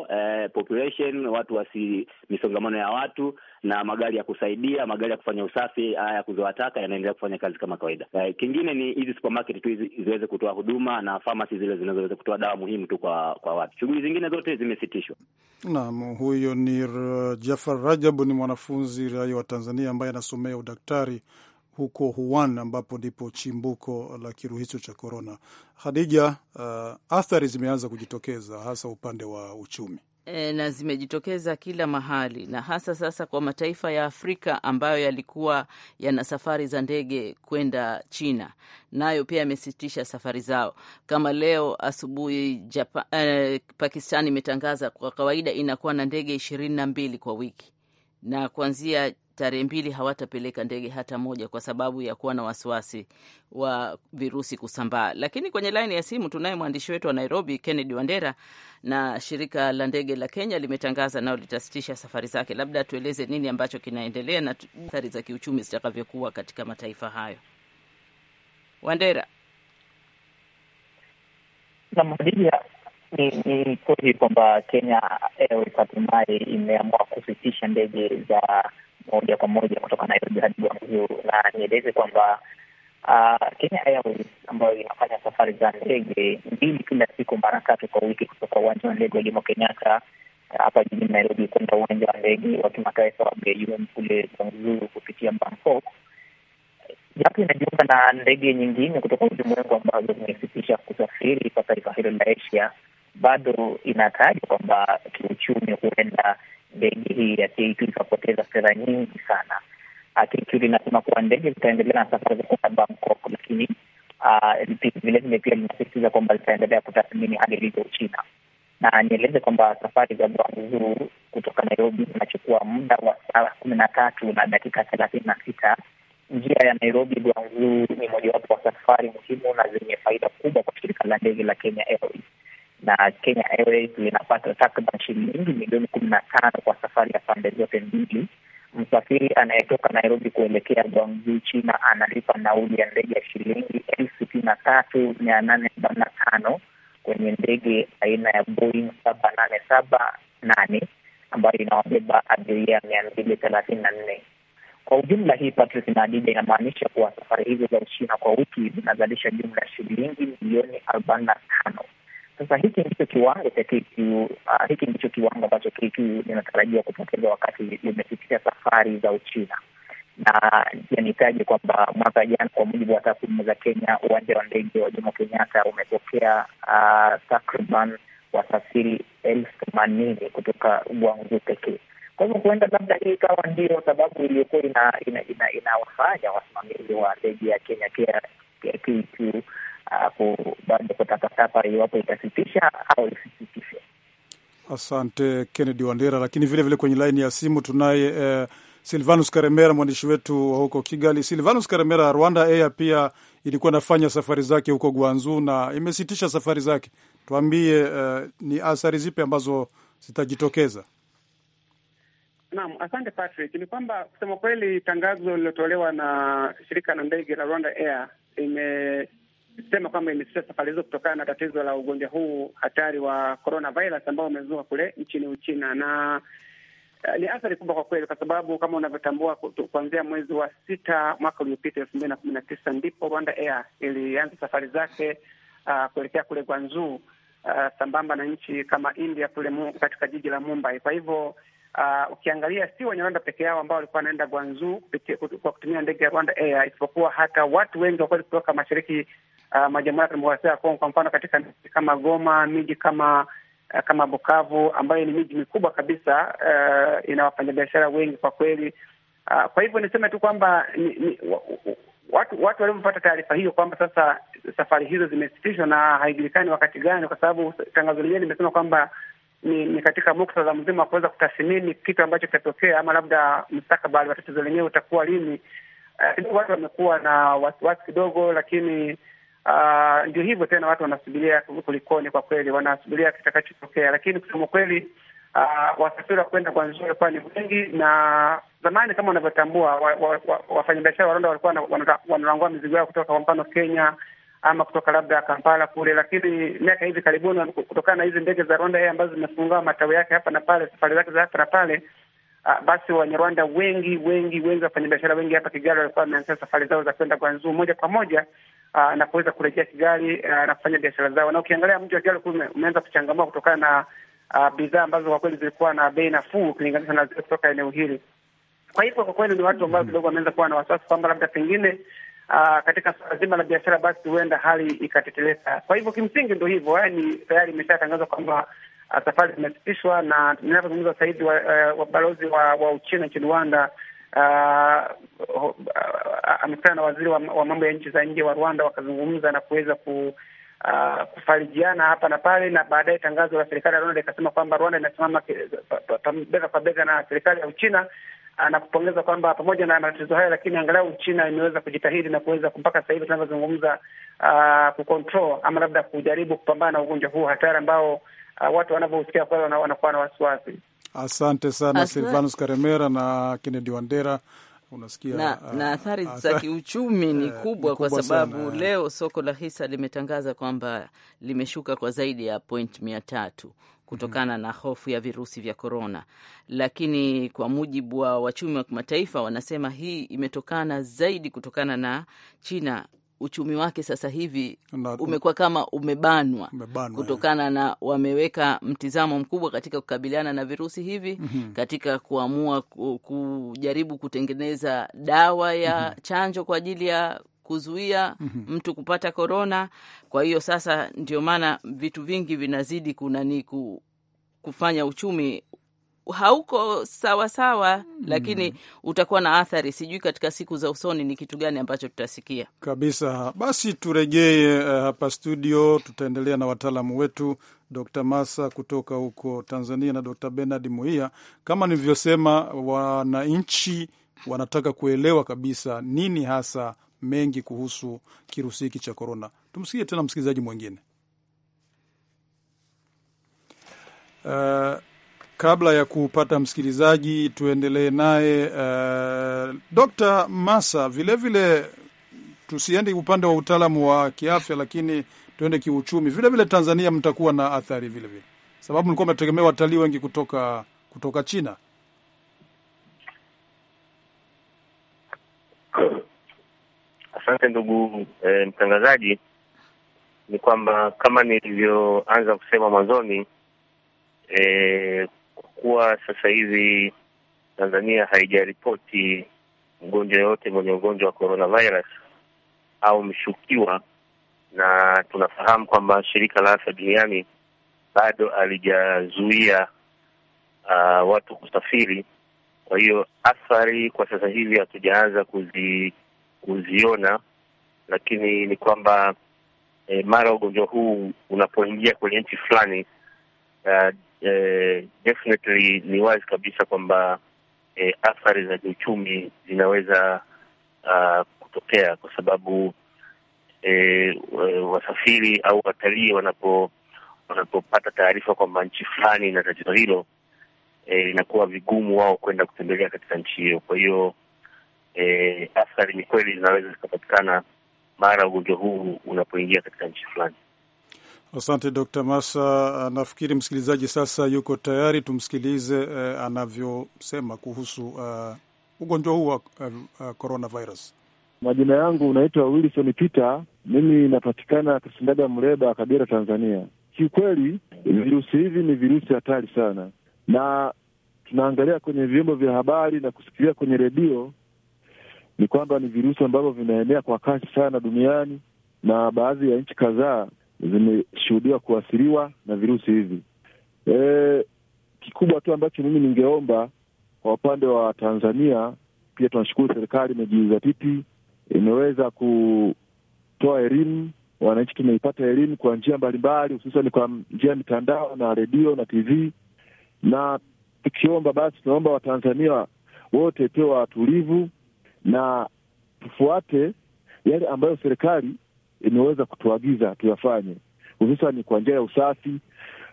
eh, population watu wasi misongamano ya watu na magari ya kusaidia, magari ya kufanya usafi, haya ya kuzoa taka yanaendelea kufanya kazi kama kawaida. Eh, kingine ni hizi supermarket tu ziweze kutoa huduma na pharmacy zile zinazoweza kutoa dawa muhimu tu kwa kwa watu. Shughuli zingine zote zimesitishwa. Naam, huyo ni Jafar Rajabu, ni mwanafunzi raia wa Tanzania ambaye anasomea udaktari huko Wuhan ambapo ndipo chimbuko la kirusi hicho cha korona. Hadija, uh, athari zimeanza kujitokeza hasa upande wa uchumi. E, na zimejitokeza kila mahali na hasa sasa kwa mataifa ya Afrika ambayo yalikuwa yana safari za ndege kwenda China, nayo pia yamesitisha safari zao. Kama leo asubuhi Japan, eh, Pakistan imetangaza kwa kawaida inakuwa na ndege ishirini na mbili kwa wiki na kuanzia tarehe mbili hawatapeleka ndege hata moja kwa sababu ya kuwa na wasiwasi wa virusi kusambaa. Lakini kwenye laini ya simu tunaye mwandishi wetu wa Nairobi, Kennedy Wandera, na shirika la ndege la Kenya limetangaza nao litasitisha safari zake. Labda tueleze nini ambacho kinaendelea na athari za kiuchumi zitakavyokuwa katika mataifa hayo. Wandera. Ni, ni kweli kwamba Kenya Airways hatimaye imeamua kusitisha ndege za moja kwa moja kutoka Nairobi hadi Guangzhou, na nieleze kwamba uh, Kenya Airways ambayo inafanya safari za ndege mbili kila siku mara tatu kwa wiki kutoka uwanja wa ndege wa Jomo Kenyatta ah, hapa jijini Nairobi kwenda uwanja wa ndege wa kimataifa wa BAM kule Guangzhou kupitia Bangkok, japo inajiunga na ndege nyingine kutoka ulimwengu ambazo zimesitisha kusafiri kwa taifa hilo la Asia, bado inatajwa kwamba kiuchumi huenda ndege hii ya TAP ikapoteza fedha nyingi sana. TQ inasema kuwa ndege zitaendelea na safari za kwenda Bangkok, lakini ah, vilevile pia linasisitiza kwamba litaendelea kutathmini hali ilivyo Uchina. Na nieleze kwamba safari za Guangzhou kutoka Nairobi zinachukua muda wa saa kumi na tatu na dakika thelathini na sita. Njia ya Nairobi Guangzhou ni mojawapo wa safari muhimu na zenye faida kubwa kwa shirika la ndege la Kenya Airways na Kenya Airways linapata takriban shilingi milioni kumi na tano kwa safari ya pande zote mbili. Msafiri anayetoka Nairobi kuelekea Guangzhou, China, analipa nauli ya ndege ya shilingi elfu sitini na tatu mia nane arobaini na tano kwenye ndege aina ya Boeing saba nane saba nane ambayo inawabeba abiria mia mbili thelathini na nne kwa ujumla. Hii Patrick na Adija, inamaanisha kuwa safari hizo za Uchina kwa wiki zinazalisha jumla ya shilingi milioni arobaini na tano. Sasa hiki ndicho kiwango cha KQ, ah, hiki ndicho kiwango ambacho KQ inatarajiwa kupokeza wakati limepitia safari za Uchina na yanitaje kwamba mwaka jana, kwa mujibu wa takwimu za Kenya, uwanja wa ndege wa Jomo Kenyatta umepokea uh, takriban wasafiri elfu themanini kutoka Guangzhou pekee. Kwa hivyo huenda labda hii ikawa ndio sababu iliyokuwa inawafanya ina, ina, ina wasimamizi wa ndege ya Kenya KQ bado kutakataka iwapo itasitisha au isisitishe. Asante Kennedy Wandera. Lakini vile vile kwenye laini ya simu tunaye eh, Silvanus Karemera, mwandishi wetu wa huko Kigali. Silvanus Karemera, Rwanda Air pia ilikuwa inafanya safari zake huko guanzu na imesitisha safari zake. Tuambie uh, ni athari zipi ambazo zitajitokeza? Naam, asante Patrick. Ni kwamba kusema kweli, tangazo lililotolewa na shirika la ndege la Rwanda Air ime sema kwamba imesusia safari hizo kutokana na tatizo la ugonjwa huu hatari wa coronavirus ambao umezuka kule nchini Uchina na eh, ni athari kubwa kwa kweli, kwa sababu kama unavyotambua kuanzia mwezi wa sita mwaka uliopita elfu mbili na kumi na tisa ndipo Rwanda Air ilianza safari zake uh, kuelekea kule Guangzhou uh, sambamba na nchi kama India kule katika jiji la Mumbai. Kwa hivyo Uh, ukiangalia si Wanyarwanda peke yao ambao walikuwa wanaenda Gwanzu kwa kutumia ndege ya Rwanda Air, isipokuwa hata watu wengi wakweli kutoka mashariki uh, mwa Jamhuri ya Kidemokrasia ya Kongo, kwa mfano katika miji kama Goma, miji kama uh, kama Bukavu ambayo ni miji mikubwa kabisa uh, ina wafanyabiashara wengi kwa kweli uh, kwa hivyo niseme tu kwamba ni, ni, watu watu walivyopata taarifa hiyo kwamba sasa safari hizo zimesitishwa na haijulikani wakati gani, kwa sababu tangazo lenyewe limesema kwamba ni, ni katika muktadha mzima wa kuweza kutathmini kitu ambacho kitatokea ama labda mustakabali wa tatizo lenyewe utakuwa lini. Uh, watu wamekuwa na wasiwasi kidogo, lakini uh, ndio hivyo tena, watu wanasubiria kulikoni. Kwa kweli wanasubiria kitakachotokea, lakini kusema kweli Uh, wasafiri wa kwenda kwa nzuri ni wengi, na zamani kama wanavyotambua wafanyabiashara wa, wa, wa, wa Rwanda walikuwa wanarangua mizigo yao kutoka kwa mfano Kenya, ama kutoka labda Kampala kule, lakini miaka hivi karibuni, kutokana na hizi ndege za Rwanda ambazo zimefungua matawi yake hapa na pale, safari zake za hapa na pale, uh, basi Wanyarwanda wengi wengi wengi, wafanyabiashara wengi hapa Kigali walikuwa wameanzia safari zao za kwenda Gwanzu moja kwa moja Uh, na kuweza kurejea Kigali uh, na kufanya biashara zao. Na ukiangalia mji wa Kigali umeanza kuchangamua kutokana na uh, bidhaa ambazo kwa kweli zilikuwa na bei nafuu ukilinganisha na zile kutoka eneo hili. Kwa hivyo kwa kweli ni watu ambao mm-hmm. kidogo wameanza kuwa na wasiwasi kwamba labda pengine uh, katika suala zima la biashara, basi huenda hali ikateteleka. Kwa hivyo kimsingi ndo hivyo, yaani tayari imeshatangazwa kwamba uh, safari zimesitishwa, na ninavyozungumza sasa hivi wabalozi wa, eh, wa, wa Uchina nchini Rwanda uh, uh, amekutana na waziri wa, wa mambo ya nchi za nje wa Rwanda wakazungumza na kuweza ku Uh, kufarijiana hapa na pale na baadaye tangazo la serikali ya Rwanda ikasema kwamba Rwanda inasimama bega kwa bega na serikali ya Uchina anakupongeza kwamba pamoja na matatizo haya, lakini angalau China imeweza kujitahidi na kuweza mpaka sasa hivi tunavyozungumza, uh, kucontrol ama labda kujaribu kupambana na ugonjwa huu hatari ambao uh, watu wanavyohusikia kweli wanakuwa na wasiwasi. Asante sana Silvanus Karemera na Kennedy Wandera. Unasikia na, uh, na athari uh, za kiuchumi uh, ni eh, kubwa kwa sababu sana. Eh. Leo soko la hisa limetangaza kwamba limeshuka kwa zaidi ya point mia tatu kutokana na hofu ya virusi vya korona, lakini kwa mujibu wa wachumi wa kimataifa wanasema hii imetokana zaidi kutokana na China uchumi wake sasa hivi umekuwa kama umebanwa, umebanwa kutokana na wameweka mtizamo mkubwa katika kukabiliana na virusi hivi mm -hmm. katika kuamua kujaribu kutengeneza dawa ya mm -hmm. chanjo kwa ajili ya kuzuia mm -hmm. mtu kupata korona. Kwa hiyo sasa ndio maana vitu vingi vinazidi kunani kufanya uchumi hauko sawasawa sawa, mm. Lakini utakuwa na athari, sijui katika siku za usoni ni kitu gani ambacho tutasikia kabisa. Basi turejee uh, hapa studio, tutaendelea na wataalamu wetu Dr. Masa kutoka huko Tanzania na Dr. Bernard Muia. Kama nilivyosema, wananchi wanataka kuelewa kabisa nini hasa mengi kuhusu kirusi hiki cha korona. Tumsikie tena msikilizaji mwingine. Uh, kabla ya kupata msikilizaji, tuendelee naye uh, Dr. Massa vilevile vile, tusiende upande wa utaalamu wa kiafya, lakini tuende kiuchumi vilevile vile. Tanzania mtakuwa na athari vilevile vile, sababu mlikuwa mnategemea watalii wengi kutoka, kutoka China Asante ndugu eh, mtangazaji. Ni kwamba kama nilivyoanza kusema mwanzoni, eh, kuwa sasa hivi Tanzania haijaripoti mgonjwa yoyote mwenye ugonjwa wa coronavirus au mshukiwa, na tunafahamu kwamba shirika la afya duniani bado alijazuia uh, ah, watu kusafiri. Kwa hiyo athari kwa sasa hivi hatujaanza kuzi kuziona, lakini ni kwamba e, mara ugonjwa huu unapoingia kwenye nchi fulani uh, e, definitely ni wazi kabisa kwamba e, athari za kiuchumi zinaweza uh, kutokea kwa sababu e, wasafiri au watalii wanapo wanapopata taarifa kwamba nchi fulani ina tatizo hilo, inakuwa e, vigumu wao kwenda kutembelea katika nchi hiyo. Kwa hiyo e, athari ni kweli zinaweza zikapatikana mara ugonjwa huu unapoingia katika nchi fulani. Asante Dr. Masa. Ah, nafikiri msikilizaji sasa yuko tayari, tumsikilize eh, anavyosema kuhusu uh, ugonjwa huu wa uh, coronavirus. Majina yangu unaitwa Wilson Peter, mimi inapatikana mreba Mleba, Kagera, Tanzania. Kiukweli virusi hivi ni virusi hatari sana, na tunaangalia kwenye vyombo vya habari na kusikilia kwenye redio ni kwamba ni virusi ambavyo vinaenea kwa kasi sana duniani na baadhi ya nchi kadhaa zimeshuhudiwa kuathiriwa na virusi hivi. E, kikubwa tu ambacho mimi ningeomba kwa upande wa Tanzania, pia tunashukuru serikali imejizatiti, imeweza kutoa elimu, wananchi tumeipata elimu kwa njia mbalimbali, hususan kwa njia ya mitandao na redio na TV, na tukiomba basi, tunaomba Watanzania wote tuwe watulivu na tufuate yale ambayo serikali imeweza kutuagiza tuyafanye, hususan kwa njia ya usafi,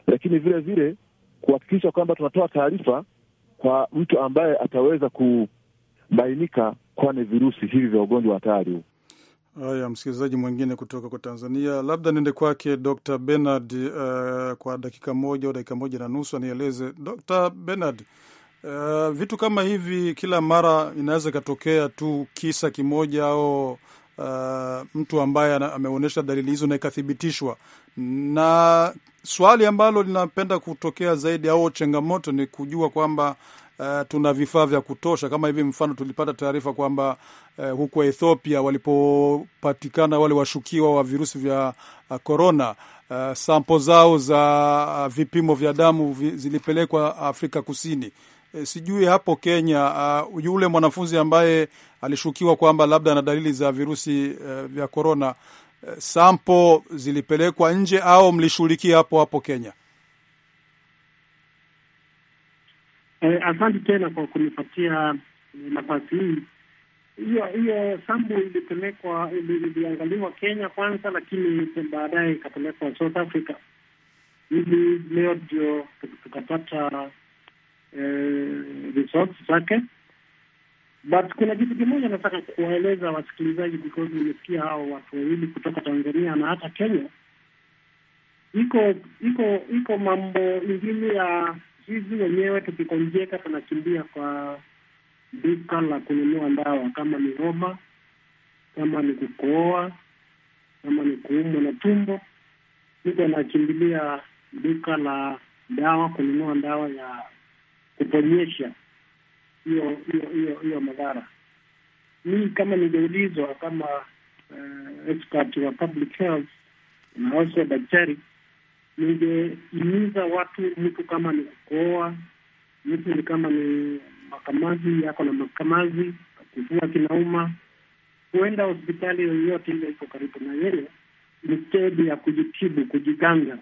lakini vile vile kuhakikisha kwamba tunatoa taarifa kwa mtu ambaye ataweza kubainika kuwa ni virusi hivi vya ugonjwa hatari huu. Haya, msikilizaji mwingine kutoka kwa Tanzania, labda niende kwake Dr Bernard uh, kwa dakika moja au dakika moja na nusu, anieleze Dr Bernard Uh, vitu kama hivi kila mara inaweza ikatokea tu kisa kimoja au uh, mtu ambaye ameonyesha dalili hizo na ikathibitishwa. Na swali ambalo linapenda kutokea zaidi au changamoto ni kujua kwamba Uh, tuna vifaa vya kutosha. Kama hivi mfano, tulipata taarifa kwamba uh, huko Ethiopia walipopatikana wale washukiwa wa virusi vya korona uh, uh, sampo zao za uh, vipimo vya damu vi, zilipelekwa Afrika Kusini e, sijui hapo Kenya uh, yule mwanafunzi ambaye alishukiwa kwamba labda ana dalili za virusi uh, vya korona uh, eh, sampo zilipelekwa nje au mlishughulikia hapo hapo Kenya? Eh, asante tena kwa kunipatia nafasi hii. Hiyo hiyo sambu ilipelekwa, iliangaliwa Kenya kwanza, lakini baadaye ikapelekwa South Africa, ili leo ndio tukapata resort eh, zake, but kuna kitu kimoja nataka kuwaeleza wasikilizaji, because nimesikia hao watu wawili kutoka Tanzania na hata Kenya. Iko iko iko mambo ingine ya sisi wenyewe tukikonjeka, tunakimbia kwa duka la kununua dawa, kama ni homa, kama ni kukooa kama ni kuumwa na tumbo, mtu anakimbilia duka la dawa kununua dawa ya kuponyesha hiyo hiyo hiyo madhara. Mimi kama ningeulizwa kama uh, expert wa public health na also daktari, ningehimiza watu, mtu kama ni kukoa, mtu ni kama ni makamazi yako na makamazi, kifua kinauma, huenda hospitali yoyote ile iko karibu na yeye, ni stedi ya kujitibu, kujiganga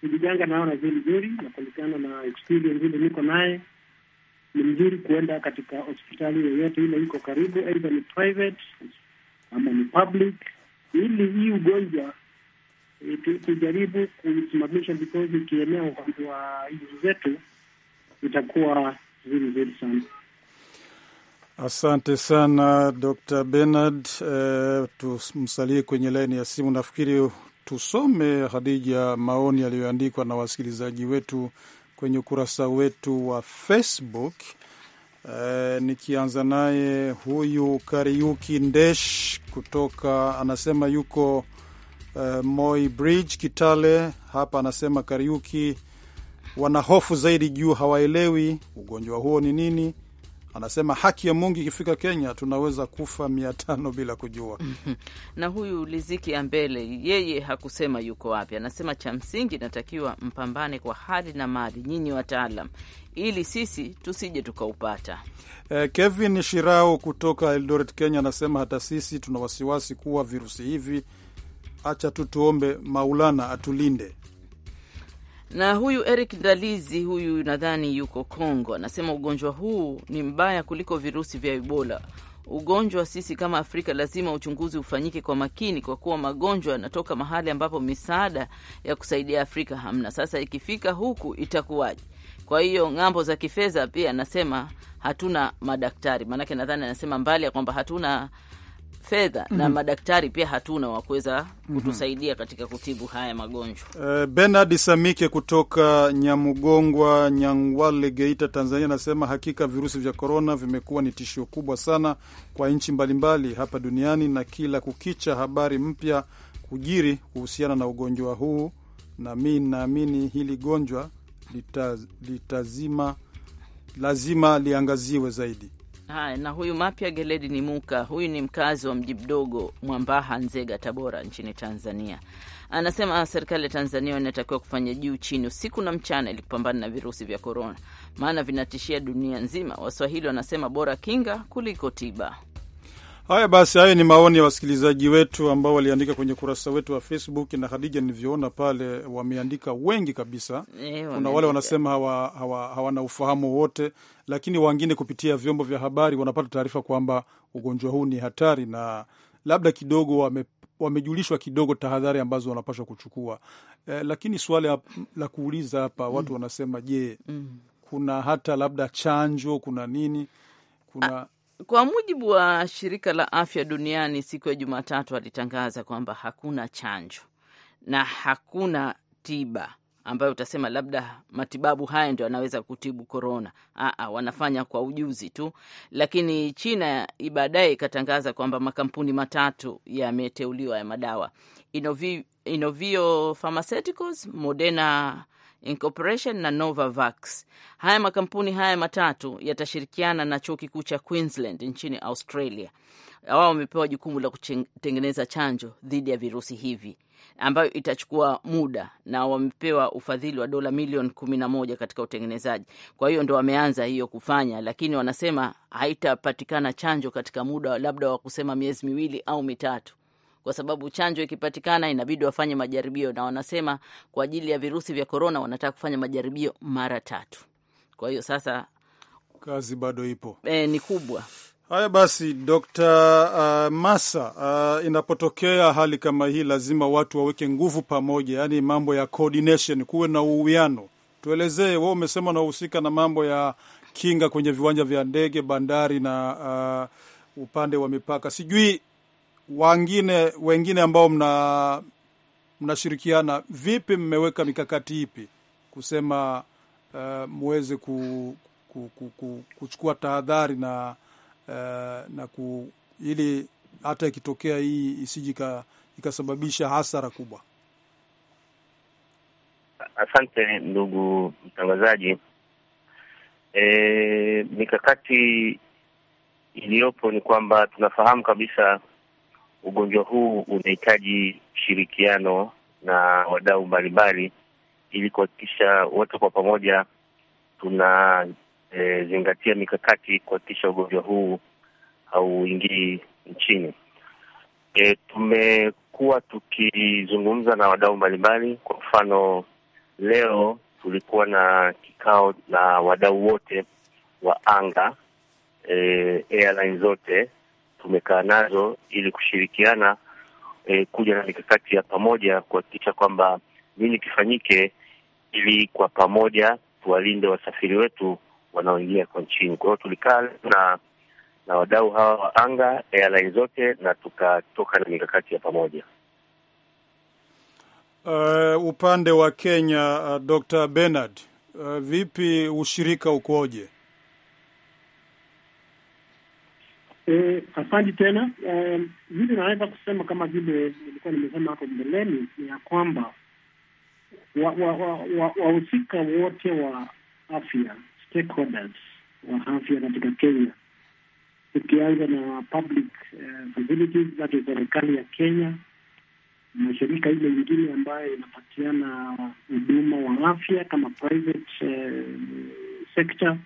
Kijijanga naona nazii mzuri na kulingana na experience ile niko naye, ni mzuri kuenda katika hospitali yoyote ile iko karibu, either ni private ama ni public, ili hii ugonjwa eh, tujaribu kuisimamisha, because ikienea upande wa nchi zetu itakuwa vizuri vizuri sana. Asante sana Dr Bernard. Uh, tumsalie kwenye laini ya simu. Nafikiri tusome Hadija, maoni yaliyoandikwa na wasikilizaji wetu kwenye ukurasa wetu wa Facebook. E, nikianza naye huyu Kariuki Ndesh kutoka anasema yuko e, Moi Bridge Kitale hapa, anasema Kariuki wana hofu zaidi juu hawaelewi ugonjwa huo ni nini anasema haki ya Mungu ikifika Kenya tunaweza kufa mia tano bila kujua. na huyu Liziki Ambele yeye hakusema yuko wapi, anasema cha msingi natakiwa mpambane kwa hali na mali, nyinyi wataalam, ili sisi tusije tukaupata. Eh, Kevin Shirao kutoka Eldoret, Kenya anasema hata sisi tuna wasiwasi kuwa virusi hivi, acha tu tuombe Maulana atulinde. Na huyu Eric Ndalizi huyu nadhani yuko Kongo, anasema ugonjwa huu ni mbaya kuliko virusi vya Ebola. Ugonjwa sisi kama Afrika lazima uchunguzi ufanyike kwa makini, kwa kuwa magonjwa yanatoka mahali ambapo misaada ya kusaidia Afrika hamna. Sasa ikifika huku itakuwaje? Kwa hiyo ng'ambo za kifedha pia anasema hatuna madaktari, maanake nadhani anasema mbali ya kwamba hatuna fedha mm -hmm. na mhm. madaktari pia hatuna wa kuweza mhm. kutusaidia katika kutibu haya magonjwa. Uh, Bernard Samike kutoka Nyamugongwa, Nyangwale, Geita, Tanzania anasema hakika virusi vya korona vimekuwa ni tishio kubwa sana kwa nchi mbalimbali hapa duniani na kila kukicha habari mpya kujiri kuhusiana na ugonjwa huu, na mi naamini hili gonjwa litaz, litazima lazima liangaziwe zaidi. Haya, na huyu mapya Geledi ni Muka, huyu ni mkazi wa mji mdogo Mwambaha, Nzega, Tabora, nchini Tanzania. Anasema ah, serikali ya Tanzania inatakiwa kufanya juu chini, usiku na mchana, ili kupambana na virusi vya korona, maana vinatishia dunia nzima. Waswahili wanasema bora kinga kuliko tiba. Haya basi, hayo ni maoni ya wasikilizaji wetu ambao waliandika kwenye kurasa wetu wa Facebook, na Hadija, nilivyoona pale, wameandika wengi kabisa. Eh, Kuna wale wanasema hawana hawa, hawa ufahamu wote lakini wengine kupitia vyombo vya habari wanapata taarifa kwamba ugonjwa huu ni hatari na labda kidogo wame, wamejulishwa kidogo tahadhari ambazo wanapaswa kuchukua eh, lakini suala la kuuliza hapa mm. watu mm. wanasema je, mm. kuna hata labda chanjo, kuna nini, kuna A ah, kwa mujibu wa shirika la afya duniani, siku ya Jumatatu alitangaza kwamba hakuna chanjo na hakuna tiba ambayo utasema labda matibabu haya ndio anaweza kutibu korona. Aa, ah, ah, wanafanya kwa ujuzi tu, lakini China baadaye ikatangaza kwamba makampuni matatu yameteuliwa ya madawa Inovio Pharmaceuticals, Moderna Incorporation na Novavax. Haya makampuni haya matatu yatashirikiana na chuo kikuu cha Queensland nchini Australia. Wao wamepewa jukumu la kutengeneza chanjo dhidi ya virusi hivi ambayo itachukua muda, na wamepewa ufadhili wa dola milioni kumi na moja katika utengenezaji. Kwa hiyo ndo wameanza hiyo kufanya, lakini wanasema haitapatikana chanjo katika muda labda wa kusema miezi miwili au mitatu kwa sababu chanjo ikipatikana inabidi wafanye majaribio, na wanasema kwa ajili ya virusi vya korona wanataka kufanya majaribio mara tatu. Kwa hiyo sasa kazi bado ipo, e, ni kubwa. Haya basi, Dr. Uh, Massa, uh, inapotokea hali kama hii lazima watu waweke nguvu pamoja, yaani mambo ya coordination, kuwe na uwiano. Tuelezee wewe, umesema unahusika na mambo ya kinga kwenye viwanja vya ndege, bandari na uh, upande wa mipaka, sijui wangine wengine ambao mna mnashirikiana vipi, mmeweka mikakati ipi kusema uh, muweze ku, ku, ku, ku, kuchukua tahadhari na uh, na ku, ili hata ikitokea hii isiji ikasababisha hasara kubwa? Asante ndugu mtangazaji. E, mikakati iliyopo ni kwamba tunafahamu kabisa ugonjwa huu unahitaji ushirikiano na wadau mbalimbali ili kuhakikisha wote kwa pamoja tunazingatia e, mikakati kuhakikisha ugonjwa huu hauingii nchini. E, tumekuwa tukizungumza na wadau mbalimbali. Kwa mfano, leo tulikuwa na kikao na wadau wote wa anga e, airline zote tumekaa nazo ili kushirikiana e, kuja na mikakati ya pamoja kuhakikisha kwamba nini kifanyike ili kwa pamoja tuwalinde wasafiri wetu wanaoingia kwa nchini. Kwa hiyo tulikaa na na wadau hawa wa anga airline zote na tukatoka na mikakati ya pamoja. Uh, upande wa Kenya uh, Dr. Bernard uh, vipi ushirika ukoje? Eh, asante tena. Vile naweza kusema kama vile nilikuwa nimesema hapo mbeleni ni ya kwamba wahusika wa, wa, wa wote wa afya stakeholders wa afya katika Kenya, tukianza na public uh, facilities zake serikali ya Kenya, mashirika ile nyingine ambayo inapatiana huduma wa afya kama private uh, sector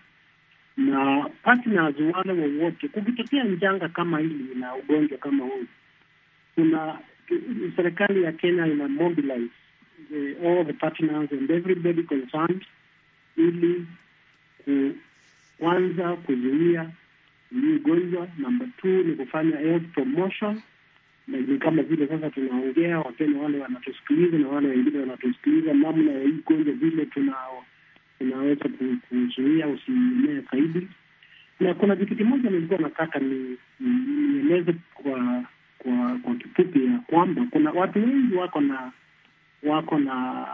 na partners wale wowote, kukitokea njanga kama hili na ugonjwa kama huu, kuna serikali ya Kenya ina mobilize the, eh, all the partners and everybody concerned ili kuanza kuzuia ni ugonjwa. Namba two ni kufanya health promotion, na ni kama vile sasa tunaongea, Wakenya wale wanatusikiliza na wale wengine wanatusikiliza namna ya hii ugonjwa vile tunao unaweza kuzuia usienee zaidi. Na kuna kitu kimoja nilikuwa nataka nieleze kwa kwa kwa kifupi, ya kwamba kuna watu wengi wako na wako na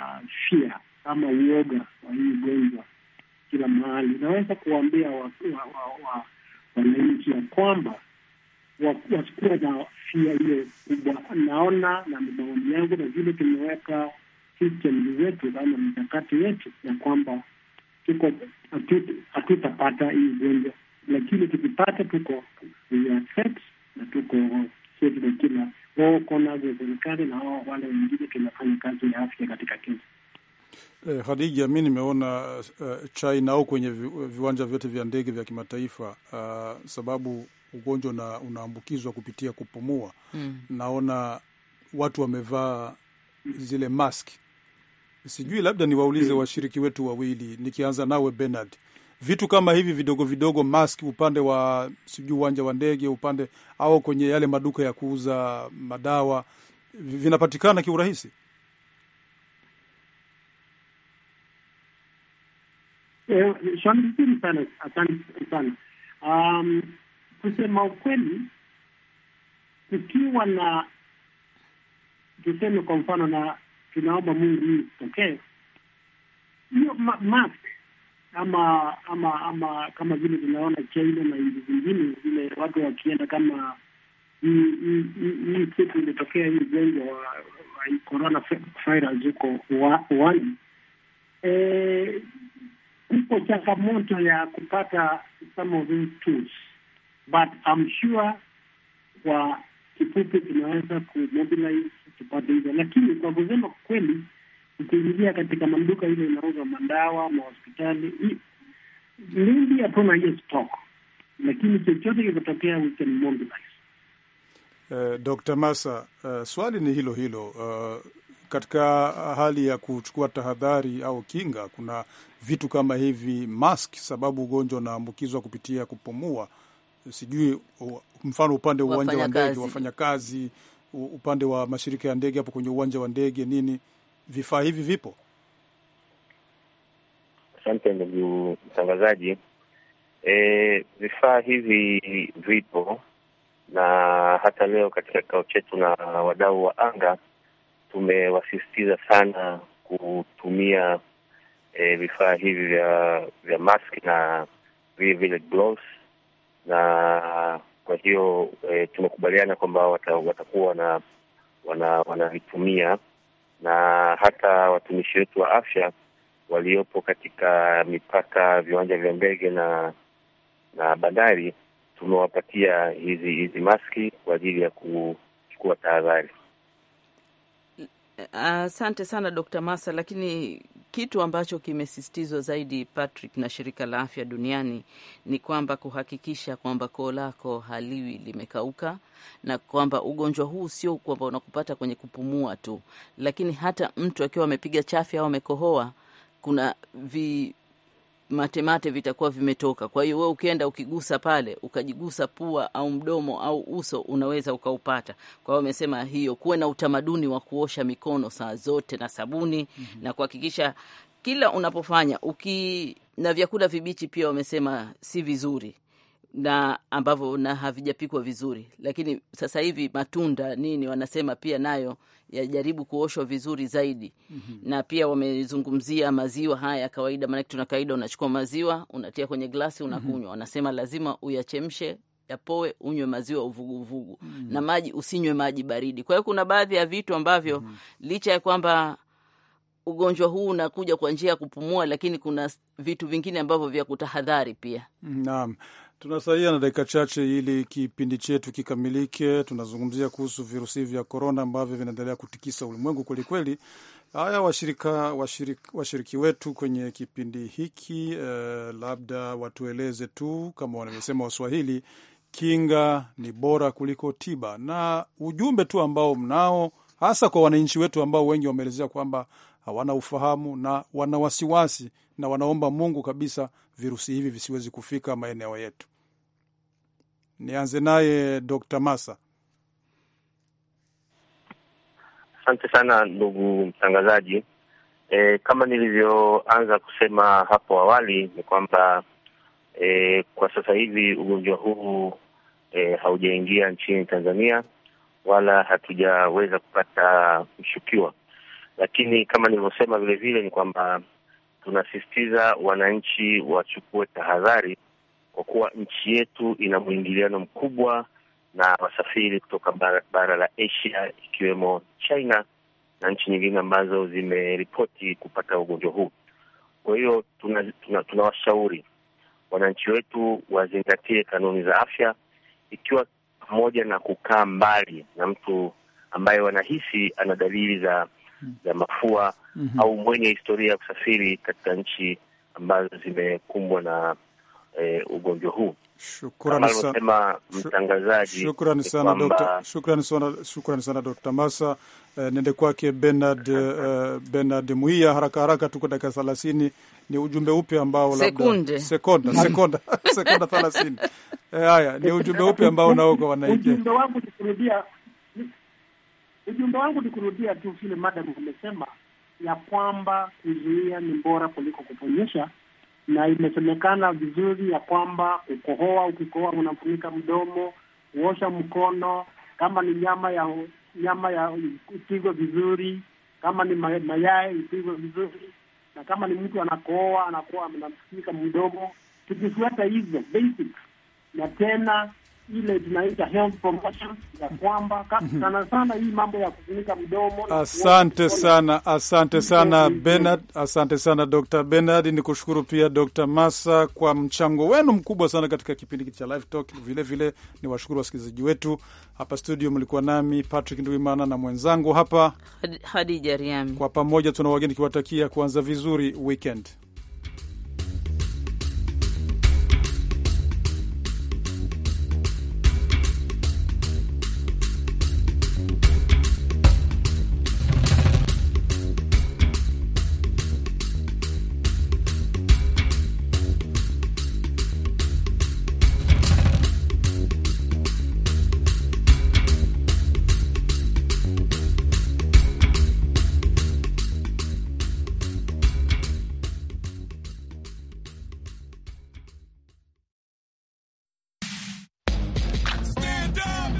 fia ama uoga wa hii ugonjwa kila mahali. inaweza kuwaambia wananchi ya kwamba wasikuwa na fia hiyo kubwa. Naona na maoni yangu, na vile tumeweka system zetu ama mikakati yetu ya kwamba tuko hatutapata hii ugonjwa, lakini tukipata tuko na tuko na kila kona serikali na wao wale wengine tunafanya kazi ya afya katika Kenya. Eh, Hadija, mi nimeona uh, China au kwenye viwanja vyote vya ndege vya kimataifa uh, sababu ugonjwa unaambukizwa kupitia kupumua mm. Naona watu wamevaa zile mask Sijui, labda niwaulize mm. washiriki wetu wawili, nikianza nawe Bernard, vitu kama hivi vidogo vidogo, mask upande wa sijui uwanja wa ndege upande au kwenye yale maduka ya kuuza madawa vinapatikana kiurahisi? Eh, Swali sana, asante sana. Um, kusema ukweli, kukiwa na tuseme kwa mfano na tunaomba Mungu hii isitokee. Hiyo mask ama ama ama kama vile tunaona China na nchi zingine vile watu wakienda kama hii siku imetokea hii ugonjwa wa corona virus huko Wuhan, e, kuko changamoto ya kupata some of these tools but I'm sure kwa kifupi tunaweza kumobilize tupate hizo, lakini kwa kusema kweli, ukiingia katika maduka ile inauza madawa, mahospitali mingi, hatuna hiyo stock, lakini chochote kikatokea we can mobilize. Uh, eh, Dr. Massa, uh, eh, swali ni hilo hilo uh, katika hali ya kuchukua tahadhari au kinga, kuna vitu kama hivi mask, sababu ugonjwa unaambukizwa kupitia kupumua sijui mfano upande wa uwanja wa ndege wafanyakazi, upande wa mashirika ya ndege hapo kwenye uwanja wa ndege nini, vifaa hivi vipo? Asante ndugu mtangazaji. E, vifaa hivi vipo na hata leo katika kikao chetu na wadau wa anga tumewasisitiza sana kutumia e, vifaa hivi vya vya mask na vile vile gloves na kwa hiyo e, tumekubaliana kwamba wata, watakuwa wana, wana, na hata watumishi wetu wa afya waliopo katika mipaka, viwanja vya ndege na na bandari tumewapatia hizi hizi maski kwa ajili ya kuchukua tahadhari. Asante uh, sana Dr. Masa, lakini kitu ambacho kimesisitizwa zaidi Patrick, na shirika la afya duniani ni kwamba kuhakikisha kwamba koo lako haliwi limekauka, na kwamba ugonjwa huu sio kwamba unakupata kwenye kupumua tu, lakini hata mtu akiwa amepiga chafya au amekohoa kuna vi, matemate vitakuwa vimetoka. Kwa hiyo wewe ukienda ukigusa pale ukajigusa pua au mdomo au uso unaweza ukaupata. Kwa hiyo wamesema hiyo, kuwe na utamaduni wa kuosha mikono saa zote na sabuni mm -hmm. na kuhakikisha kila unapofanya uki na vyakula vibichi pia wamesema si vizuri na ambavyo na havijapikwa vizuri, lakini sasa hivi matunda nini wanasema pia nayo yajaribu kuoshwa vizuri zaidi. mm -hmm. Na pia wamezungumzia maziwa haya ya kawaida, maanake tuna kawaida, unachukua maziwa unatia kwenye glasi unakunywa. mm -hmm. Wanasema lazima uyachemshe yapoe, unywe maziwa uvuguvugu. mm -hmm. Na maji usinywe maji baridi. Kwa hiyo kuna baadhi ya vitu ambavyo mm -hmm. licha ya kwamba ugonjwa huu unakuja kwa njia ya kupumua, lakini kuna vitu vingine ambavyo vya kutahadhari pia. Naam. Tunasalia na dakika chache ili kipindi chetu kikamilike. Tunazungumzia kuhusu virusi vya korona ambavyo vinaendelea kutikisa ulimwengu kwelikweli. Haya, washirika washiriki, washiriki wetu kwenye kipindi hiki eh, labda watueleze tu kama wanavyosema Waswahili, kinga ni bora kuliko tiba, na ujumbe tu ambao mnao hasa kwa wananchi wetu ambao wengi wameelezea kwamba hawana ufahamu na wana wasiwasi na wanaomba Mungu kabisa virusi hivi visiwezi kufika maeneo yetu. Nianze naye Dr. Masa. Asante sana ndugu mtangazaji. E, kama nilivyoanza kusema hapo awali ni kwamba e, kwa sasa hivi ugonjwa huu e, haujaingia nchini Tanzania wala hatujaweza kupata mshukiwa, lakini kama nilivyosema vile vile ni kwamba tunasisitiza wananchi wachukue tahadhari kwa kuwa nchi yetu ina mwingiliano mkubwa na wasafiri kutoka bara, bara la Asia ikiwemo China na nchi nyingine ambazo zimeripoti kupata ugonjwa huu. Kwa hiyo tunawashauri tuna, tuna wananchi wetu wazingatie kanuni za afya, ikiwa pamoja na kukaa mbali na mtu ambaye wanahisi ana dalili za za mafua mm -hmm. au mwenye historia ya kusafiri katika nchi ambazo zimekumbwa na eh, ugonjwa huu Shukrani alivyosema mtangazaji. Shukrani sana dokta, shukrani sana, shukrani sana Dokta Masa. Eh, niende kwake Bernard, eh, Bernard Muia. Haraka haraka, tuko dakika thelathini. Ni ujumbe upi ambao labda sekonda mm. sekonda sekonda thelathini? Eh, haya, ni ujumbe upi ambao naoko wanaingia. Ujumbe wangu ni kurudia, ujumbe wangu ni kurudia tu vile madam amesema ya kwamba kuzuia ni bora kuliko kuponyesha na imesemekana vizuri ya kwamba kukohoa, ukikohoa unafunika mdomo, kuosha mkono, kama ni nyama ya nyama ya ipigwe vizuri, kama ni mayai ipigwe vizuri, na kama ni mtu anakohoa anakoa anafunika mdomo, tukifuata hizo basics na tena ile tunaita health promotion ya kwamba mhm. sana sana hii mambo ya kufunika mdomo. Asante sana, asante sana Bernard, asante sana Dr. Bernard. Ni kushukuru pia Dr. Massa kwa mchango wenu mkubwa sana katika kipindi hiki cha Live Talk. Vile vile ni washukuru wasikilizaji wetu hapa studio, mlikuwa nami Patrick Ndwimana na mwenzangu hapa Hadija Riami. Kwa pamoja tuna wageni kiwatakia kuanza vizuri weekend.